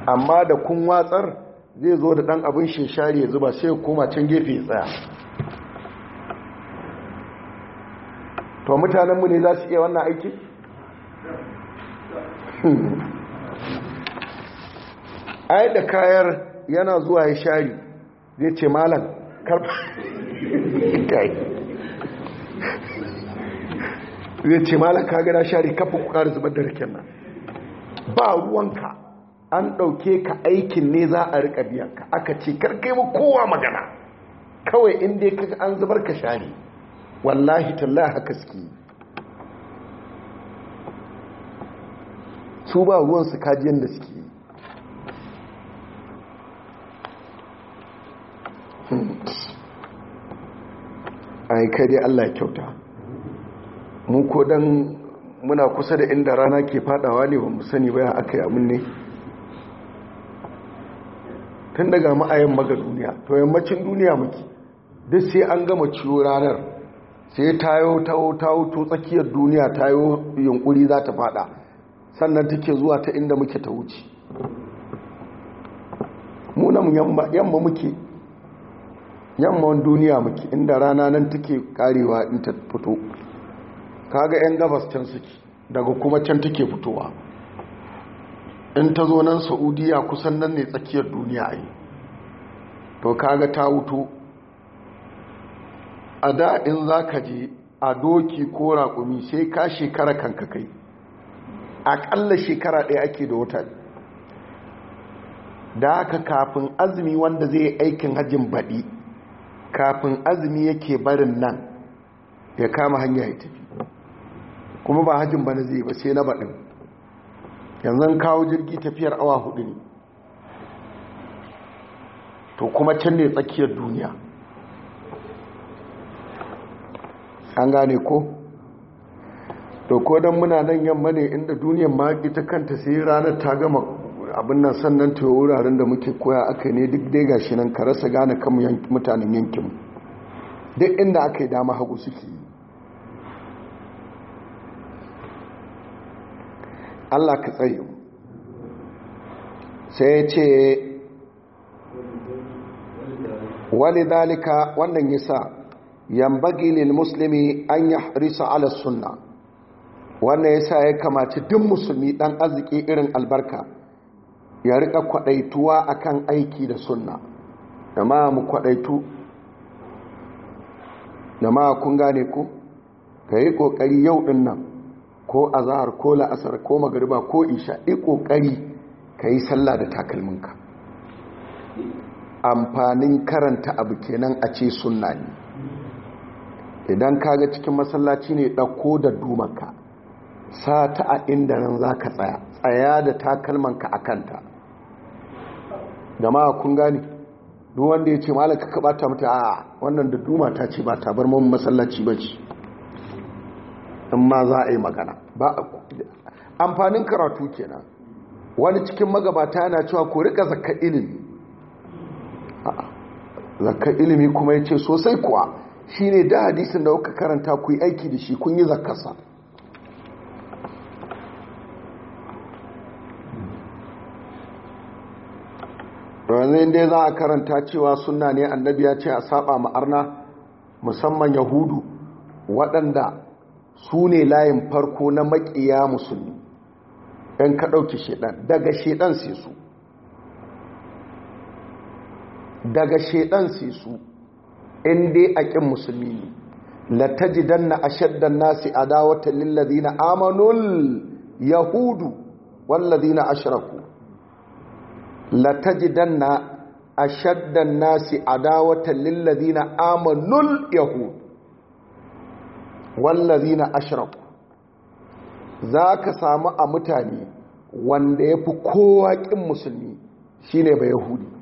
amma da kun watsar zai zo da dan abin sheshari ya zuba sai ya koma can gefe ya tsaya to mutanenmu ne za su iya wannan aiki? Hmm. ai da kayar yana zuwa ya shari zai ce malam karfa zai ce malam shari kafa da zubar da rikin nan ba ruwanka an ɗauke ka aikin ne za a riƙa biyanka aka ce karkai kowa magana kawai inda ya kaka an zubar ka shari wallahi talla haka suke su ba ruwan su kajiyar da suke ai kare Allah kyauta Mu ko dan muna kusa da inda rana ke fadawa ne ba mu sani ba aka yi amin ne tun daga ma'ayin maga duniya to yammacin duniya muke duk sai an gama ciwo ranar sai tayo tawo ta to tsakiyar duniya tayo yunkuri za ta fada sannan take zuwa ta inda muke ta wuce Munan yamma yamma muke yamman duniya muke inda rana nan take karewa in ta fito kaga yan gabas can suke daga kuma can take fitowa in ta zo nan saudiya kusan nan ne tsakiyar duniya yi to kaga ta wuto a da in za ka je a doki ko raƙumi sai ka shekara kanka kai aƙalla shekara ɗaya ake da wuta da haka kafin azumi wanda zai aikin hajjin baɗi kafin azumi yake barin nan ya kama hanya ya tafi kuma ba hajjin bana zai ba sai na baɗin yanzu kawo jirgi tafiyar awa hudu ne to kuma can ne tsakiyar duniya an gane ko to ko don muna nan yamma ne inda duniyar ma ita kanta sai ranar ta gama abin nan sannan ta wuraren da muke koya aka ne duk dai ga shi nan ka rasa gane kan mutanen yankin duk inda aka yi dama hagu suke yi Allah ka tsaye sai ce wani dalika wannan yasa yambagi lil muslimi an yahrisa ala sunna wannan yasa ya kamaci duk musulmi dan arziki irin albarka ya rika kwadaituwa akan aiki da sunna jama'a mu kwadaitu jama'a kun gane ku yi kokari yau din nan ko azahar ko la'asar ko magariba ko isha i kokari yi sallah da takalminka amfanin karanta abu kenan a ce sunna ne idan kaga cikin masallaci ne ɗauko da dumanka sa a inda nan za ka tsaya tsaya da takalmanka a kanta jama'a kun gani duk wanda ya ce malaka ka bata mata a wannan da duma ta ce ba tabar mun masallaci ba ce in ma za a yi magana ba a amfanin karatu kenan wani cikin magabata yana cewa ko rika zakka ilimi zakka ilimi kuma ya ce sosai kuwa Shi ne da hadisin da kuka karanta ku yi aiki da shi kun yi zakasa yanzu dai za a karanta cewa suna ne annabi ya ce a saba ma'arna musamman yahudu waɗanda su ne layin farko na maƙiya musulmi ɗan ka ɗauki shaɗan daga sai su daga shaɗan sai su in dai a ƙin musulmi ne latajidan na ashaddan nasi adawatan lillazina amanul yahudu wallazina ashraku latajidan na ashaddan nasi adawatan lillazina amanul yahud wallazina ashraku zaka samu a mutane wanda yafi kowa kin musulmi shine ba yahudi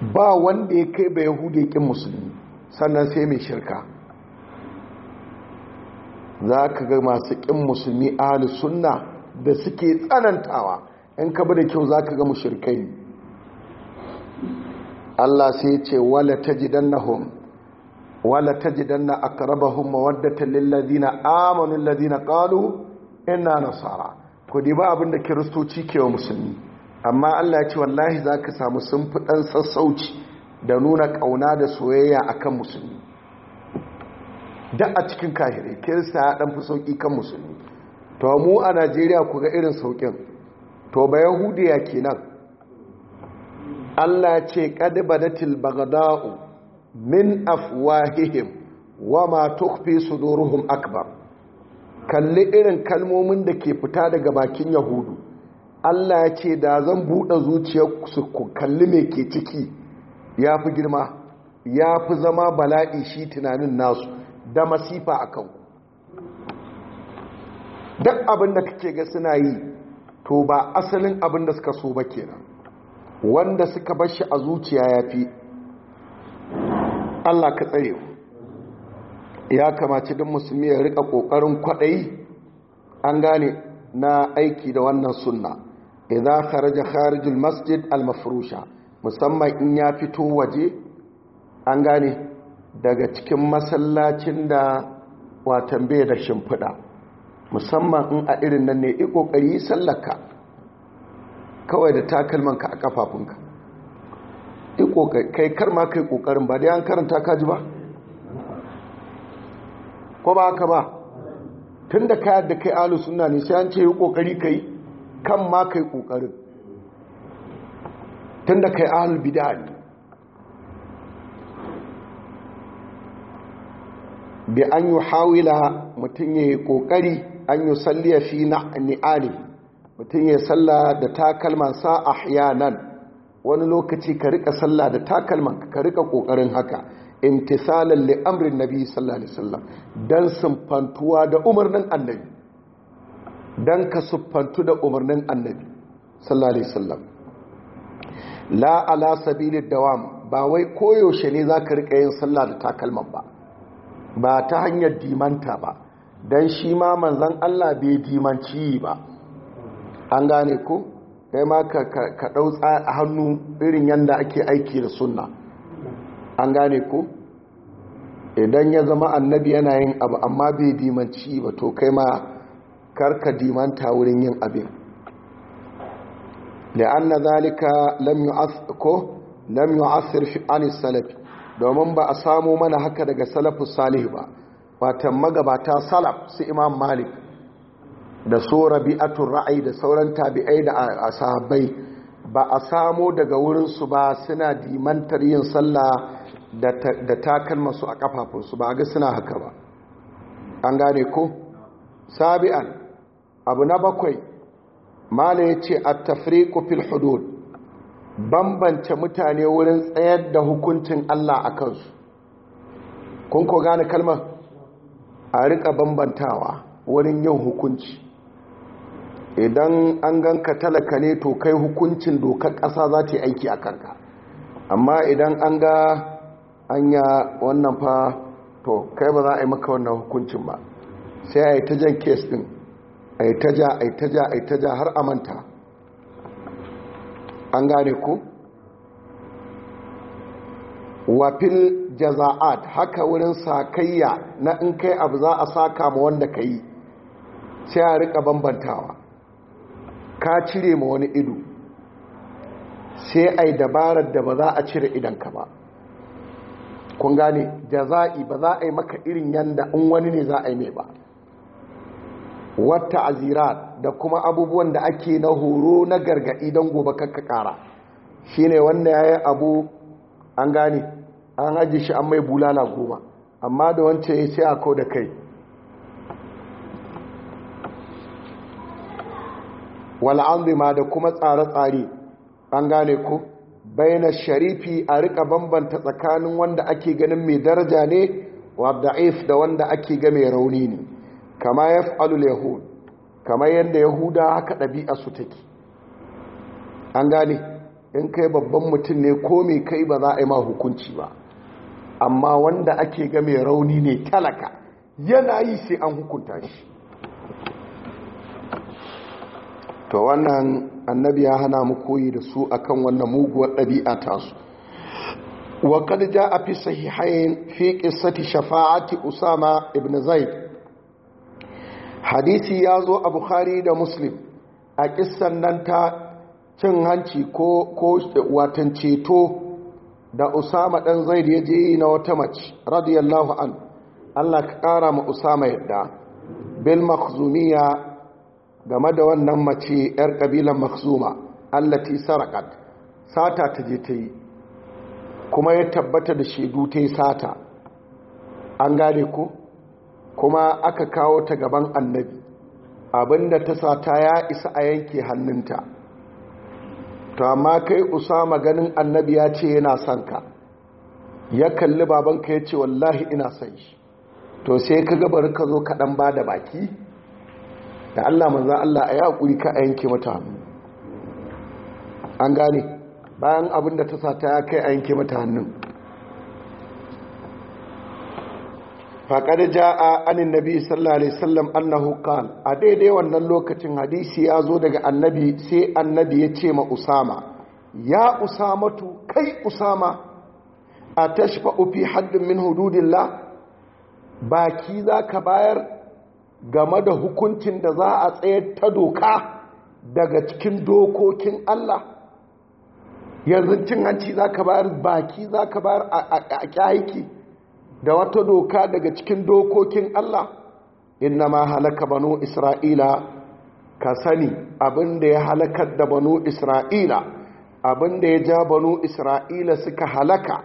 ba wanda ya kai ba yahudu ya ƙin musulmi sannan sai mai shirka za ka ga masu ƙin musulmi ahli sunna da suke tsanantawa in ka bi da kyau za ka ga mu mushirkai Allah sai ce wala tajidannahum wala tajidanna aqrabahum mawaddatan lil ladina amanu alladhina ƙalu, ina nasara ku di ba abinda kiristoci ke wa musulmi amma Allah ya ce wallahi za ka samu sun fi ɗan sassauci da nuna ƙauna da soyayya a kan musulmi da a cikin kashirai kirista ya ɗan fi sauƙi kan musulmi to mu a najeriya ku ga irin sauƙin to ba yahudiya nan. Allah ce ƙadibadatil bagada'u min afwahihim wa ma tukfi doruhun akbar kalli irin kalmomin da ke fita daga bakin yahudu Allah ya ce da zan buɗe zuciyarsu ku kalli mai ke ciki ya fi girma ya fi zama bala'i shi tunanin nasu da masifa a kan duk abin da kake ga suna yi to ba asalin abin da suka so ba kenan wanda suka bar a zuciya ya fi Allah ka tsare ya kamaci don musulmi ya riƙa ƙoƙarin kwaɗayi an gane na aiki da wannan sunna idan kharaja kharijul masjid al mafrusha musamman in ya fito waje an gane daga cikin masallacin da watan bai da shimfiɗa musamman in a irin nan ne ƙoƙari sallaka kawai da takalmanka a ƙafafunka kai karma kai ƙoƙarin ba dai an karanta kaji ba ko ba haka ba tun da kayar da kai alu suna ne sai an ce yi kai kan ma kai kokarin tunda kai ahlul bid'a bi an yi hawila mutum ya yi kokari an yi salliya fi na ni'ani mutum ya salla da sa a hiyanan wani lokaci ka rika salla da takalman ka rika kokarin haka imtisalin li amrin nabi sallallahu alaihi wasallam dan sun fantuwa da umarnin annabi don ka siffantu da umarnin annabi sallallahu alaihi wasallam la ala sabilid dawam ba wai koyaushe ne za ka rika yin sallah da takalman ba ba ta hanyar dimanta ba don shi ma manzan Allah bai dimanci ba an gane ko kai ma ka ka dau a hannu irin yanda ake aiki da sunna an gane ko idan ya zama annabi yana yin abu amma bai dimanci ba to kai ma karka dimanta wurin yin abin la'anna zalika lam yu'athqu lam yu'athir fi salaf domin ba a samu mana haka daga salafu salih ba watan magabata salaf su imam malik da su Rabi'atun ra'ayi da sauran tabi'ai da sahabbai ba a samu daga wurinsu ba suna dimantar yin sallah da takalmasu masu a kafafunsu ba ga suna haka ba an gane ko sabi'an abu na bakwai mala ya ce a tafriku fil hudud bambance mutane wurin tsayar da hukuncin Allah a kansu kun ko gane kalmar a rika bambantawa wurin yin hukunci idan an ganka talaka ne to kai hukuncin dokar ƙasa za ta yi aiki a kanka amma idan an ga anya wannan fa to kai ba za a yi maka wannan hukuncin ba sai a yi ta jan kes ɗin ai ta ja ai ta ja ai ta ja har amanta an gane ku Wafin jaza'at haka wurin sakayya na in kai abu za a saka ma wanda ka yi sai a rika bambantawa ka cire ma wani ido sai a yi dabarar da ba za a cire idanka ba kun gane jaza'i ba za a yi maka irin yanda in wani ne za a yi mai ba wata azira da kuma abubuwan da ake na horo na gargaɗi don gobe kakka ƙara shi ne wanda ya yi abu an gane an haji shi an mai bulala goma amma da wancan ya sai a da kai wal'anzima da kuma tsare-tsare an gane ku bayan sharifi a riƙa bambanta tsakanin wanda ake ganin mai daraja ne wa da wanda ake ga mai rauni ne kama ya fa'alul yahud kama yadda yahuda haka ɗabi'a su take an gane in kai babban mutum ne ko mai kai ba za a yi ma hukunci ba amma wanda ake ga mai rauni ne talaka yana yi sai an hukunta shi to wannan annabi ya hana mu koyi da su akan wannan muguwar ɗabi'a tasu ja a fi sahihayen fi قصة shafa'ati usama Ibn zaid hadisi ya zo a bukhari da muslim a kissan nan ta cin hanci ko watan ceto da usama ɗan zai ya je yi na wata mace radiyallahu an allah ka ƙara ma usama yadda bil makhzumiya game da wannan mace 'yar ƙabilan makhzuma allati sarakat sata ta je ta yi kuma ya tabbata da shaidu ta yi sata an gane ku kuma aka kawo ta gaban annabi abinda ta sa ta ya isa a yanke hannunta to amma kai usama ganin annabi ya ce yana son ka ya kalli babanka ya ce wallahi ina son shi to sai ka gabar ka zo kaɗan ba da baki da allah manzan allah a yi ka a yanke mata hannu an gane bayan abinda ta sa ta ya kai a yanke mata hannun faƙar ja'a anin nabi sallallahu alaihi wasallam annahu qal a daidai wannan lokacin hadisi ya zo daga annabi sai annabi ya ce ma usama ya usamatu kai usama a tashfa'u fi haddin min hududillah baki zaka bayar game da hukuncin da za a tsayar ta doka daga cikin dokokin Allah yanzu cin hanci zaka bayar baki zaka bayar a kyaiki da wata doka daga cikin dokokin Allah inna ma halaka banu isra'ila ka sani abinda ya halakar da banu isra'ila da ya ja banu isra'ila suka halaka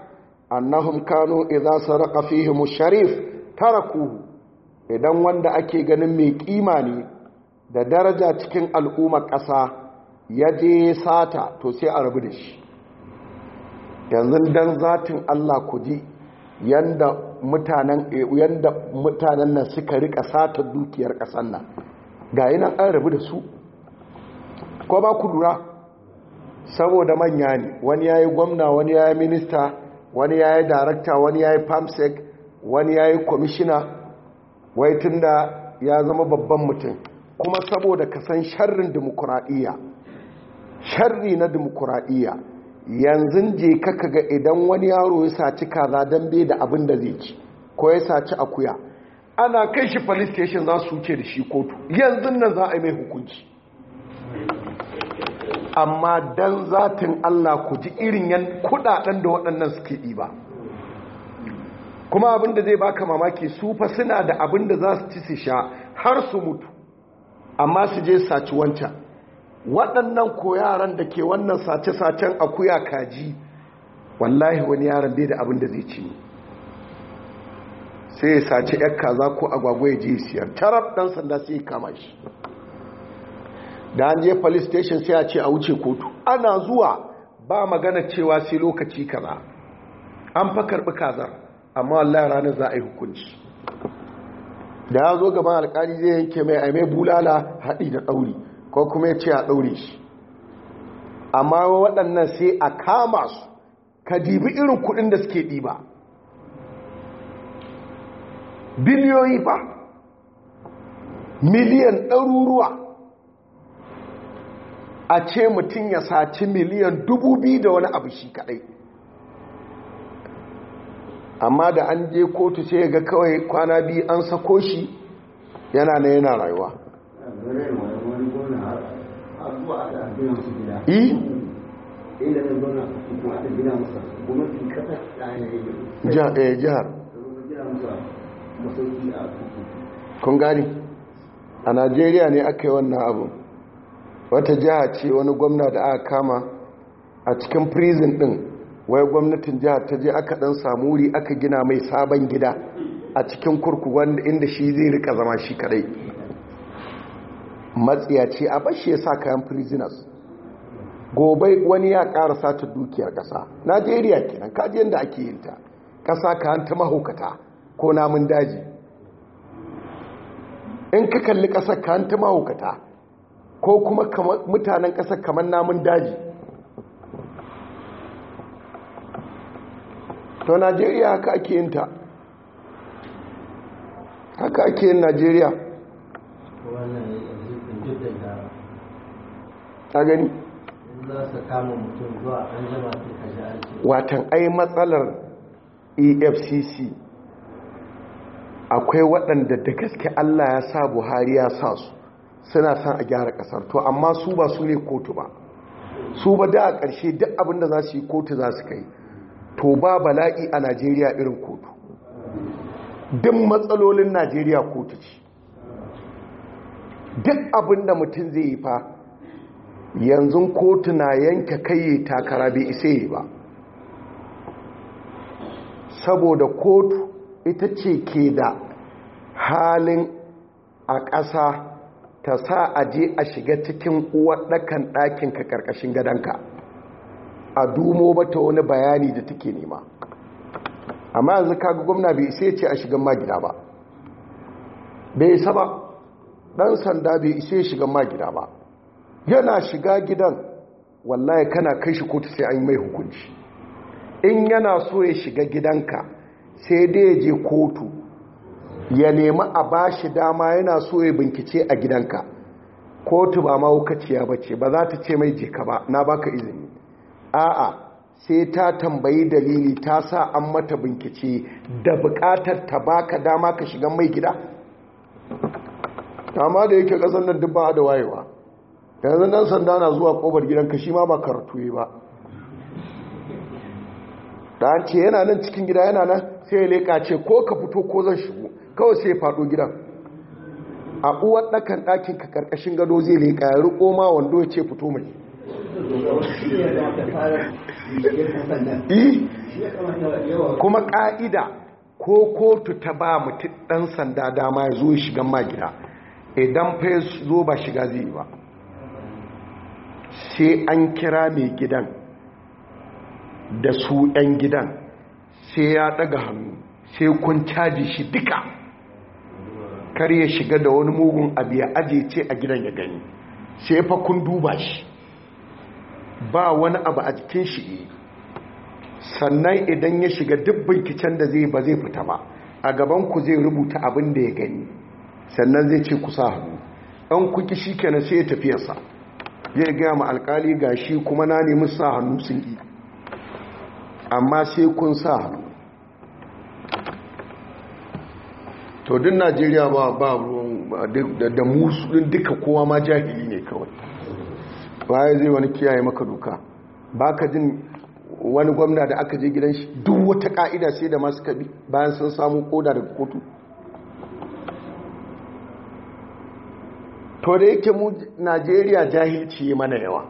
annahum kanu idza saraqa fihim sharif tarakuhu idan wanda ake ganin mai kima ne da daraja cikin al'ummar ƙasa ya je sata to sai a rabu da shi yanzu dan zatin Allah ku ji yanda mutanen yanda mutanen nan suka rika sata dukiyar kasar nan ga yi nan an rabu da su ko ba ku lura saboda manya ne wani ya yi gwamna wani ya yi minista wani ya yi darakta wani ya yi pamsek wani ya yi kwamishina wai tun da ya zama babban mutum kuma saboda kasan sharrin dimokuraɗiyya sharri na dimokuraɗiyya yanzu je ka ga idan wani yaro ya saci kaza don bai da abin da zai ci ko ya saci akuya ana kai shi police station za su wuce da shi kotu yanzu nan za a yi mai hukunci amma don zatin Allah ku ji irin yan kudaden da waɗannan suke ba, kuma abin da zai baka mamaki su fa suna da abin da za su ci su sha har su mutu amma su je saci wancan waɗannan ko yaran da ke wannan sace-sacen akuya kaji wallahi wani yaran bai da abin da zai ci sai ya sace yar kaza ko agwagwa ya je siyar tarar ɗan sanda sai ya kama shi da an je police station sai a ce a wuce kotu ana zuwa ba magana cewa sai lokaci kaza an fa karɓi kazar amma wallahi ranar za a yi hukunci da ya zo gaban alkali zai yanke mai aime bulala haɗi da ɗauri ko kuma ya ce a ɗaure shi amma waɗannan sai a kama su ka dibi irin kuɗin da suke ɗiba biliyoyi ba miliyan ɗaruruwa a ce mutum ya saci miliyan dubu biyu da wani abu shi kaɗai amma da an je kotu sai ga kawai kwana biyu an sako shi yana na yana rayuwa Eh? Eh, eh, jihar kun gani a najeriya ne aka yi wannan abu wata jiha ce wani gwamna da aka kama a cikin prison din wai gwamnatin jihar ta je aka dan samu wuri aka gina mai sabon gida a cikin kurku wanda inda shi zai rika zama shi kadai matsiyaci a bashi ya sa kayan prisoners gobe wani ya ƙara sata dukiyar ƙasa najeriya kenan kaji yadda ake yin ta ƙasa kayan ta mahaukata ko namun daji in ka kalli ƙasar kayan ta mahaukata ko kuma mutanen ƙasar kamar namun daji to najeriya haka ake yin ta haka ake yin najeriya ka gani watan ai matsalar efcc akwai waɗanda da gaske allah ya sa buhari ya sa su suna son a gyara ƙasar to amma su ba su ne kotu ba su ba da a ƙarshe duk abinda za su yi kotu za su kai to ba bala'i a najeriya irin kotu duk matsalolin najeriya kotu ce duk abin da mutum zai yi fa yanzu kotu na yanke kai takara bai isa yi ba saboda kotu ita ce ke da halin a ƙasa ta sa a je a shiga cikin waɗakan ɗakinka ƙarƙashin gadonka a dumo ba ta wani bayani da take nema amma yanzu kaga gwamna bai isa ce a shigan magida ba bai isa ba Ɗan sanda bai ishe shiga ma gida ba yana shiga gidan wallahi kana kai shi kotu sai an yi mai hukunci in yana so ya shiga gidanka sai dai yaje je kotu ya nemi a bashi dama yana so ya bincike a gidanka kotu ba mahaukaciya ba ce ba za ta ce mai jeka ba na baka izini a'a sai ta tambayi dalili ta sa an mata bincike da bukatar ta baka dama ka shiga mai gida ma da yake kasar nan duk ba da wayewa yanzu dan sanda na zuwa kobar gidanka shi ma ba karatu ba da ce yana nan cikin gida yana nan sai ya leƙa ce ko ka fito ko zan shigo kawai sai ya faɗo gidan a uwar ɗakan ɗakin ka ƙarƙashin gado zai leƙa ya riƙo ma wando ya ce fito mai eh, kuma ƙa'ida ko kotu ta ba mutum ɗan sanda dama ya zo ya shigan ma gida idan fa zo ba shiga zai ba sai an kira mai gidan da su 'yan gidan sai ya daga hannu sai kun caji shi duka kar ya shiga da wani mugun abu ya aje ce a gidan ya gani sai fa kun duba shi ba wani abu a cikin shi sannan idan ya shiga duk kicin da zai ba zai fita ba a gabanku zai rubuta abin da ya gani sannan zai ce kusa hannu Ɗan kuki shi kenan sai ya tafiyarsa zai gaya ma alkali ga shi kuma na nemi sa hannu sun yi amma sai kun sa hannu to din najeriya ba ba da musu din duka kowa ma jahili ne kawai baya zai wani kiyaye maka doka ba ka jin wani gwamna da aka je gidan shi duk wata ka'ida sai da masu kabi bayan sun samu koda daga kotu to da yake mu najeriya jahilci mana yawa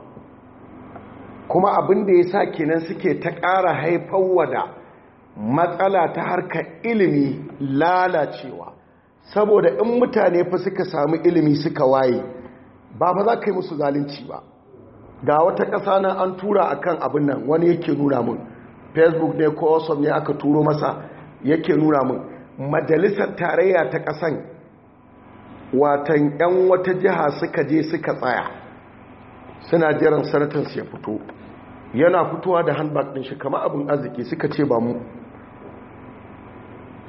kuma abin da ya sa kenan suke ta ƙara haifar da matsala ta harka ilimi lalacewa saboda in mutane fa suka samu ilimi suka waye ba ba za ka yi musu zalunci ba ga wata ƙasa na an tura a kan abin nan wani yake nuna mun facebook ne ko wasan ne aka turo masa yake nuna mun majalisar tarayya ta ƙasan watan 'yan wata jiha suka je suka tsaya suna jiran sanatan su ya fito yana fitowa da handbag din shi kama abin arziki suka ce ba mu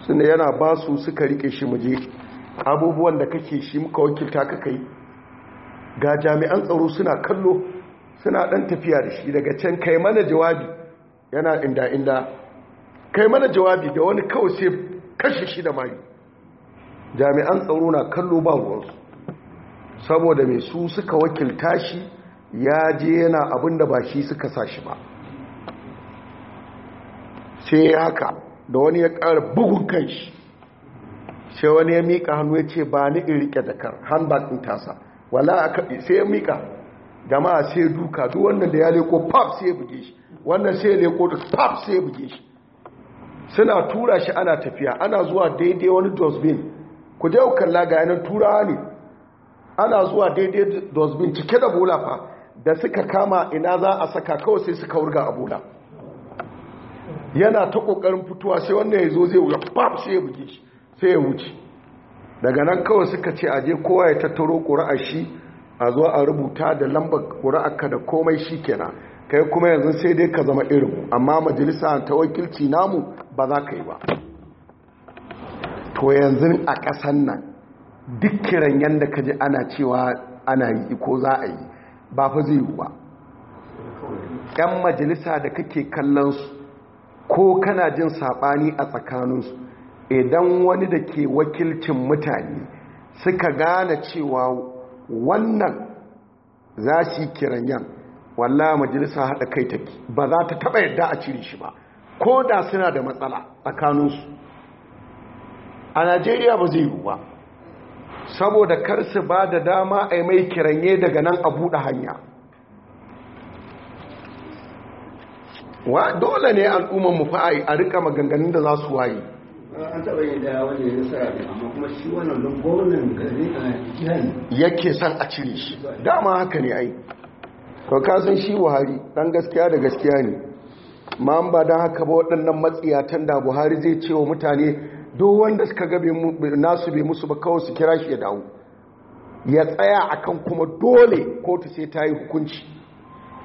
suna yana ba su suka rike shi muje abubuwan da kake shi muka wakilta ka kai ga jami'an tsaro suna kallo suna ɗan tafiya da shi daga can kai mana jawabi yana inda inda kai mana jawabi da wani kawai sai kashe shi da mai jami'an tsaro na kallo ba ruwansu saboda mai su suka wakilta shi ya je yana abin da ba shi suka sa shi ba sai haka da wani ya ƙara bugun kan shi sai wani ya miƙa hannu ya ce ba ni in riƙe dakar handbag in tasa wala a kaɗi sai ya miƙa jama'a sai ya duka duk wannan da ya leko pap sai ya buge shi wannan sai ya leko da pap sai ya buge shi suna tura shi ana tafiya ana zuwa daidai wani dosbin ku je ku kalla ga yanar turawa ne ana zuwa daidai dosbin cike da bola fa da suka kama ina za a saka kawai sai suka wurga a bola yana ta kokarin fitowa sai wannan ya zo zai wuya bab sai ya buge shi sai ya wuce daga nan kawai suka ce aje kowa ya tattaro ƙura'ar shi a zuwa a rubuta da lambar ƙura'ar ka da komai shi kenan kai kuma yanzu sai dai ka zama irin amma majalisa ta wakilci namu ba za ka yi ba to yanzu a ƙasan nan duk kiran yadda ka ana cewa ana yi ko za a yi ba fa zai yi ba yan majalisa da kake kallon su ko kana jin saɓani a tsakaninsu idan wani da ke wakilcin mutane suka gane cewa wannan za su yi kiranyan wallah majalisa haɗa kai take ba za ta taɓa yadda a cire shi ba ko da suna da matsala tsakaninsu a najeriya ba zai yi ba saboda kar ba da dama a mai kiranye daga nan a buɗe hanya wa dole ne al'ummar mu fa a rika maganganun da za su waye an taɓa yi da wani nasara amma kuma shi wannan don gari a yake son a cire shi dama haka ne ai ka kasan shi buhari ɗan gaskiya da gaskiya ne ma ba don haka ba waɗannan matsiyatan da buhari zai ce wa mutane duk wanda suka gabe nasu bai musu ba kawai su kira shi ya dawo ya tsaya akan kuma dole kotu sai ta yi hukunci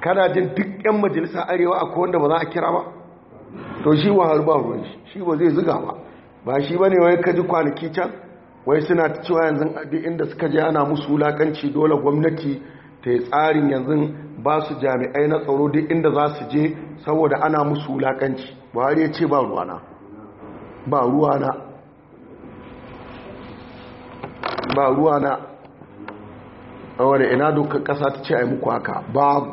kana jin duk 'yan majalisa arewa a wanda ba za a kira ba to shi wahal ba ruwan shi shi ba zai zuga ba ba shi ba ne wai ka ji kwanaki can wai suna ta cewa yanzu abin inda suka ji ana musu wulakanci dole gwamnati ta yi tsarin yanzu ba su jami'ai na tsaro duk inda za su je saboda ana musu wulakanci buhari ya ce ba ruwana ba ruwana ba ruwana a wadda ina doka kasa ta ce a yi muku haka ba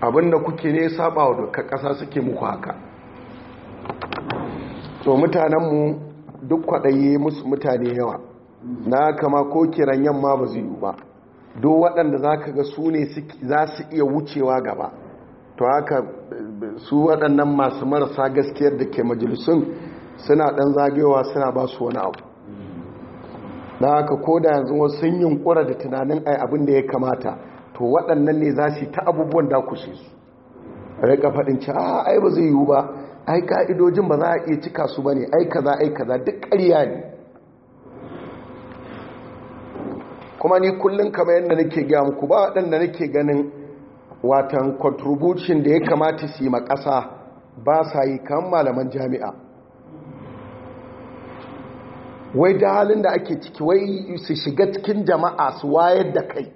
abinda kuke ne saba wa doka kasa suke muku haka to mutanenmu duk kwaɗaye musu mutane yawa na kama ko kiran yamma ba zai yi ba duk waɗanda za ka ga su ne za su iya wucewa gaba to haka su waɗannan masu marasa gaskiyar da ke majalisun suna ɗan zagewa suna ba su wani abu da haka ko da yanzu wasu sun yunkura da tunanin ai abin da ya kamata to waɗannan ne za su ta abubuwan da kushe su rika faɗin ci a ah, ai ba zai yiwu ba ai ka'idojin ba za a iya cika su ba ne ai kaza ai kaza duk ƙarya ne kuma ni kullum kamar yadda nake gaya muku ba waɗanda nake ganin watan contribution da ya kamata su yi makasa ba sa yi kan malaman jami'a wai da halin da ake ciki wai su shiga cikin jama'a su wayar da kai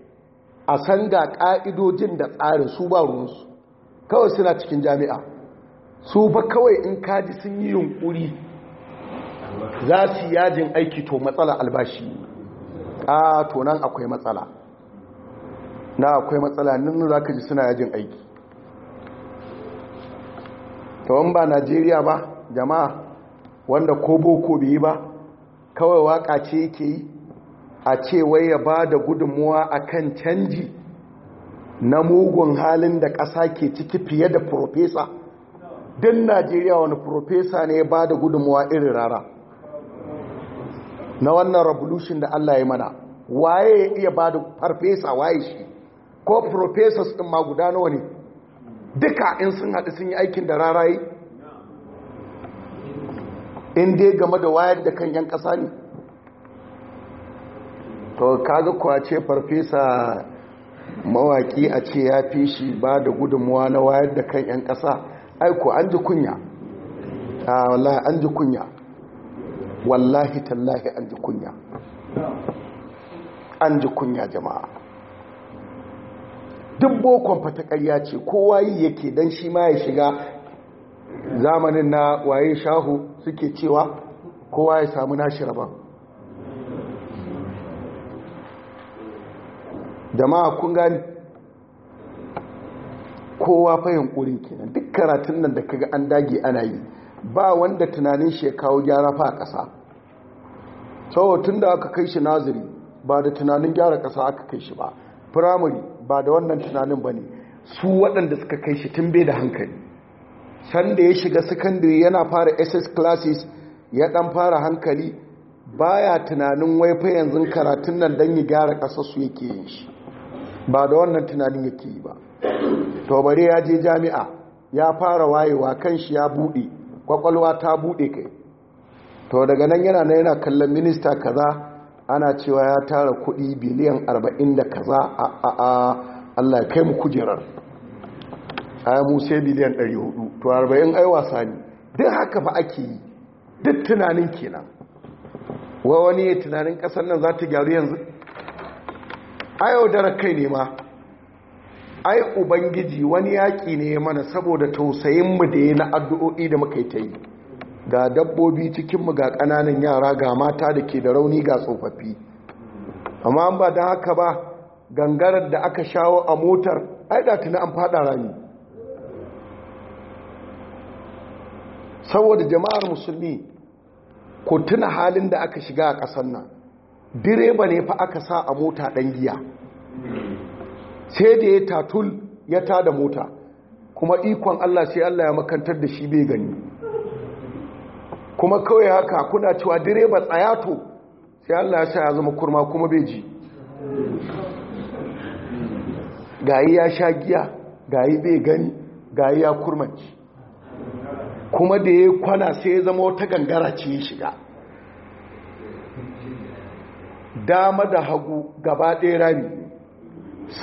a san ga ƙa'idojin da tsarin su ba ruwansu kawai suna cikin jami'a su ba kawai in kaji sun yi yunkuri za su yajin aiki to matsala albashi a ah, tonan akwai matsala na akwai matsala nan za ka ji suna yajin aiki tawon ba najeriya ba jama'a wanda ko boko biyi ba kawai waka ce yake yi a ce wai ya ba da gudunmuwa a kan canji na mugun halin da ƙasa ke ciki fiye da profesa din najeriya wani profesa ne ya ba da gudunmuwa irin rara na wannan revolution da allah ya mana waye ya iya ba da farfesa waye shi ko professors ɗin ma guda nawa ne duka in sun haɗu sun yi aikin da rarayi? in dai game da wayar da kan 'yan ƙasa ne to kaga kuwa ce farfesa mawaki a ce ya fi shi ba da gudunmuwa na wayar da kan 'yan ƙasa aiko an ji kunya A wallahi an ji kunya wallahi tallahi an ji kunya an ji kunya jama'a duk bokon fata ce kowa yi yake don shi ma ya shiga zamanin na waye shahu suke cewa kowa ya samu nashi rabon jama'a kun gani kowa fayin kenan duk karatun nan da kaga an dage ana yi ba wanda tunanin shi ya kawo gyara fa a ƙasa sau tun da aka kai shi naziri ba da tunanin gyara ƙasa aka kai shi ba firamare ba da wannan tunanin ba ne su waɗanda suka kai shi tun bai da hankali sanda ya shiga sakandare yana fara ss classes ya ɗan fara hankali baya tunanin waifa yanzu karatun nan don ya gyara su yake yin shi ba da wannan tunanin yake yi ba To tobare ya je jami'a ya fara wayewa kan shi ya buɗe kwakwalwa ta buɗe kai to daga nan yana na yana kallon minista kaza ana cewa ya tara kudi biliyan 40 da kaza a a a Allah kai mu kujerar a mu sai biliyan 400 to 40 ai wasa ne duk haka ba ake yi duk tunanin kenan wa wani ya tunanin kasar nan za ta gyaru yanzu yau dare kai ne ma ai ubangiji wani yaƙi ne mana saboda tausayin mu da ya na addu'o'i da muka yi ta yi ga dabbobi cikinmu ga ƙananan yara ga mata da ke da rauni ga tsofaffi amma ba da haka ba gangarar da aka shawo a motar ai da tuni an fada rami saboda jama'ar musulmi ku tuna halin da aka shiga a ƙasar nan direba ne fa aka sa a mota ɗan giya sai da ya tatul ya tada mota kuma ikon Allah sai Allah ya makantar da shi bai gani kuma kawai haka kuna cewa direba tsayato sai Allah ya sa ya zama kurma kuma bai ji gayi ya sha giya gayi bai gani gayi ya kurmanci kuma da ya kwana sai ya zama wata gangara ce ya shiga dama da hagu gaba ɗaya rami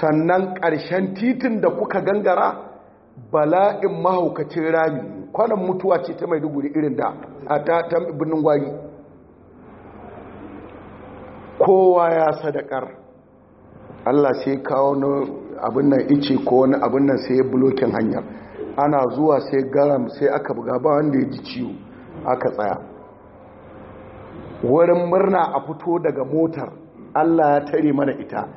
sannan ƙarshen titin da kuka gangara bala'in mahaukacin rami kwanan mutuwa ce ta mai duguri irin da a ta birnin gwari kowa ya sadakar allah sai kawo wani abin nan ice ko wani abin nan sai ya bulokin hanyar ana zuwa sai garam sai aka buga ba wanda ya ji ciwo aka tsaya wurin murna a fito daga motar allah ya tare mana ita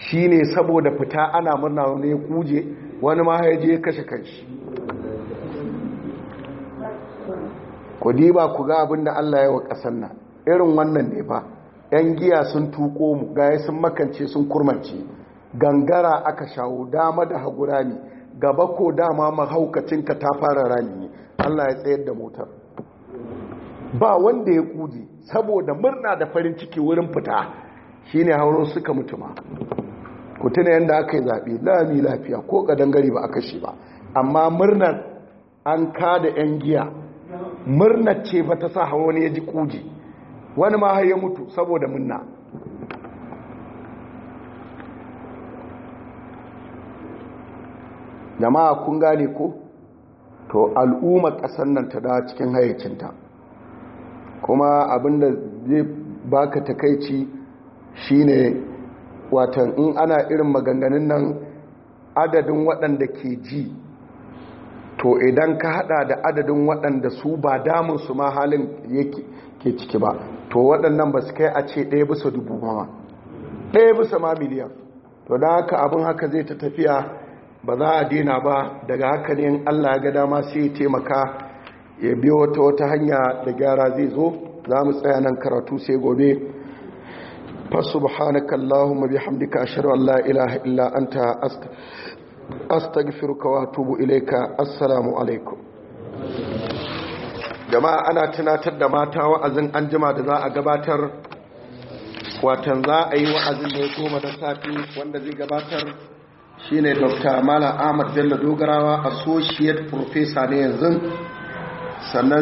shi ne saboda fita ana murna wani ya kuje wani ma ya kashe kanshi ku diba ku ga abin da Allah ya wa ƙasar na. irin wannan ne ba ‘yan giya sun tuko mu gaya sun makance sun kurmance gangara aka shawo dama da hagu ne, gaba ko dama mahaukacinka ta fara rami ne Allah ya tsayar da motar ba wanda ya kuje saboda murna da farin ciki wurin fita Shi ne hauro suka mutu ma ku tuna yadda aka yi zaɓe lami lafiya ko ƙadangare ba aka shi ba amma murnar an kada 'yan giya murnar ce ba ta sa hawa wani ya ji kuji wani ma har ya mutu saboda murna jama'a kun gane ko to al'ummar ƙasar nan ta da cikin hayyacinta kuma abinda zai baka takaici shine watan in ana irin maganganun nan adadin waɗanda ke ji to idan ka hada da adadin waɗanda su ba damun su ma halin yake ke ciki ba to waɗannan ba su kai a ce ɗaya bisa dubu ma ɗaya bisa ma miliyan to da haka abin haka zai ta tafiya ba za a dina ba daga haka ne allah ga dama sai ya taimaka ya biyo wata wata hanya da gyara zai zo za mu tsaya nan karatu sai gobe فسبحانك اللهم بحمدك أشهد أن لا إله إلا أنت أستغفرك وأتوب إليك السلام عليكم jama'a ana tunatar da mata wa'azin anjima da za a gabatar watan za a yi wa'azin da ya goma da safi wanda zai gabatar shine dr mala ahmad bello dogarawa associate professor ne yanzu sannan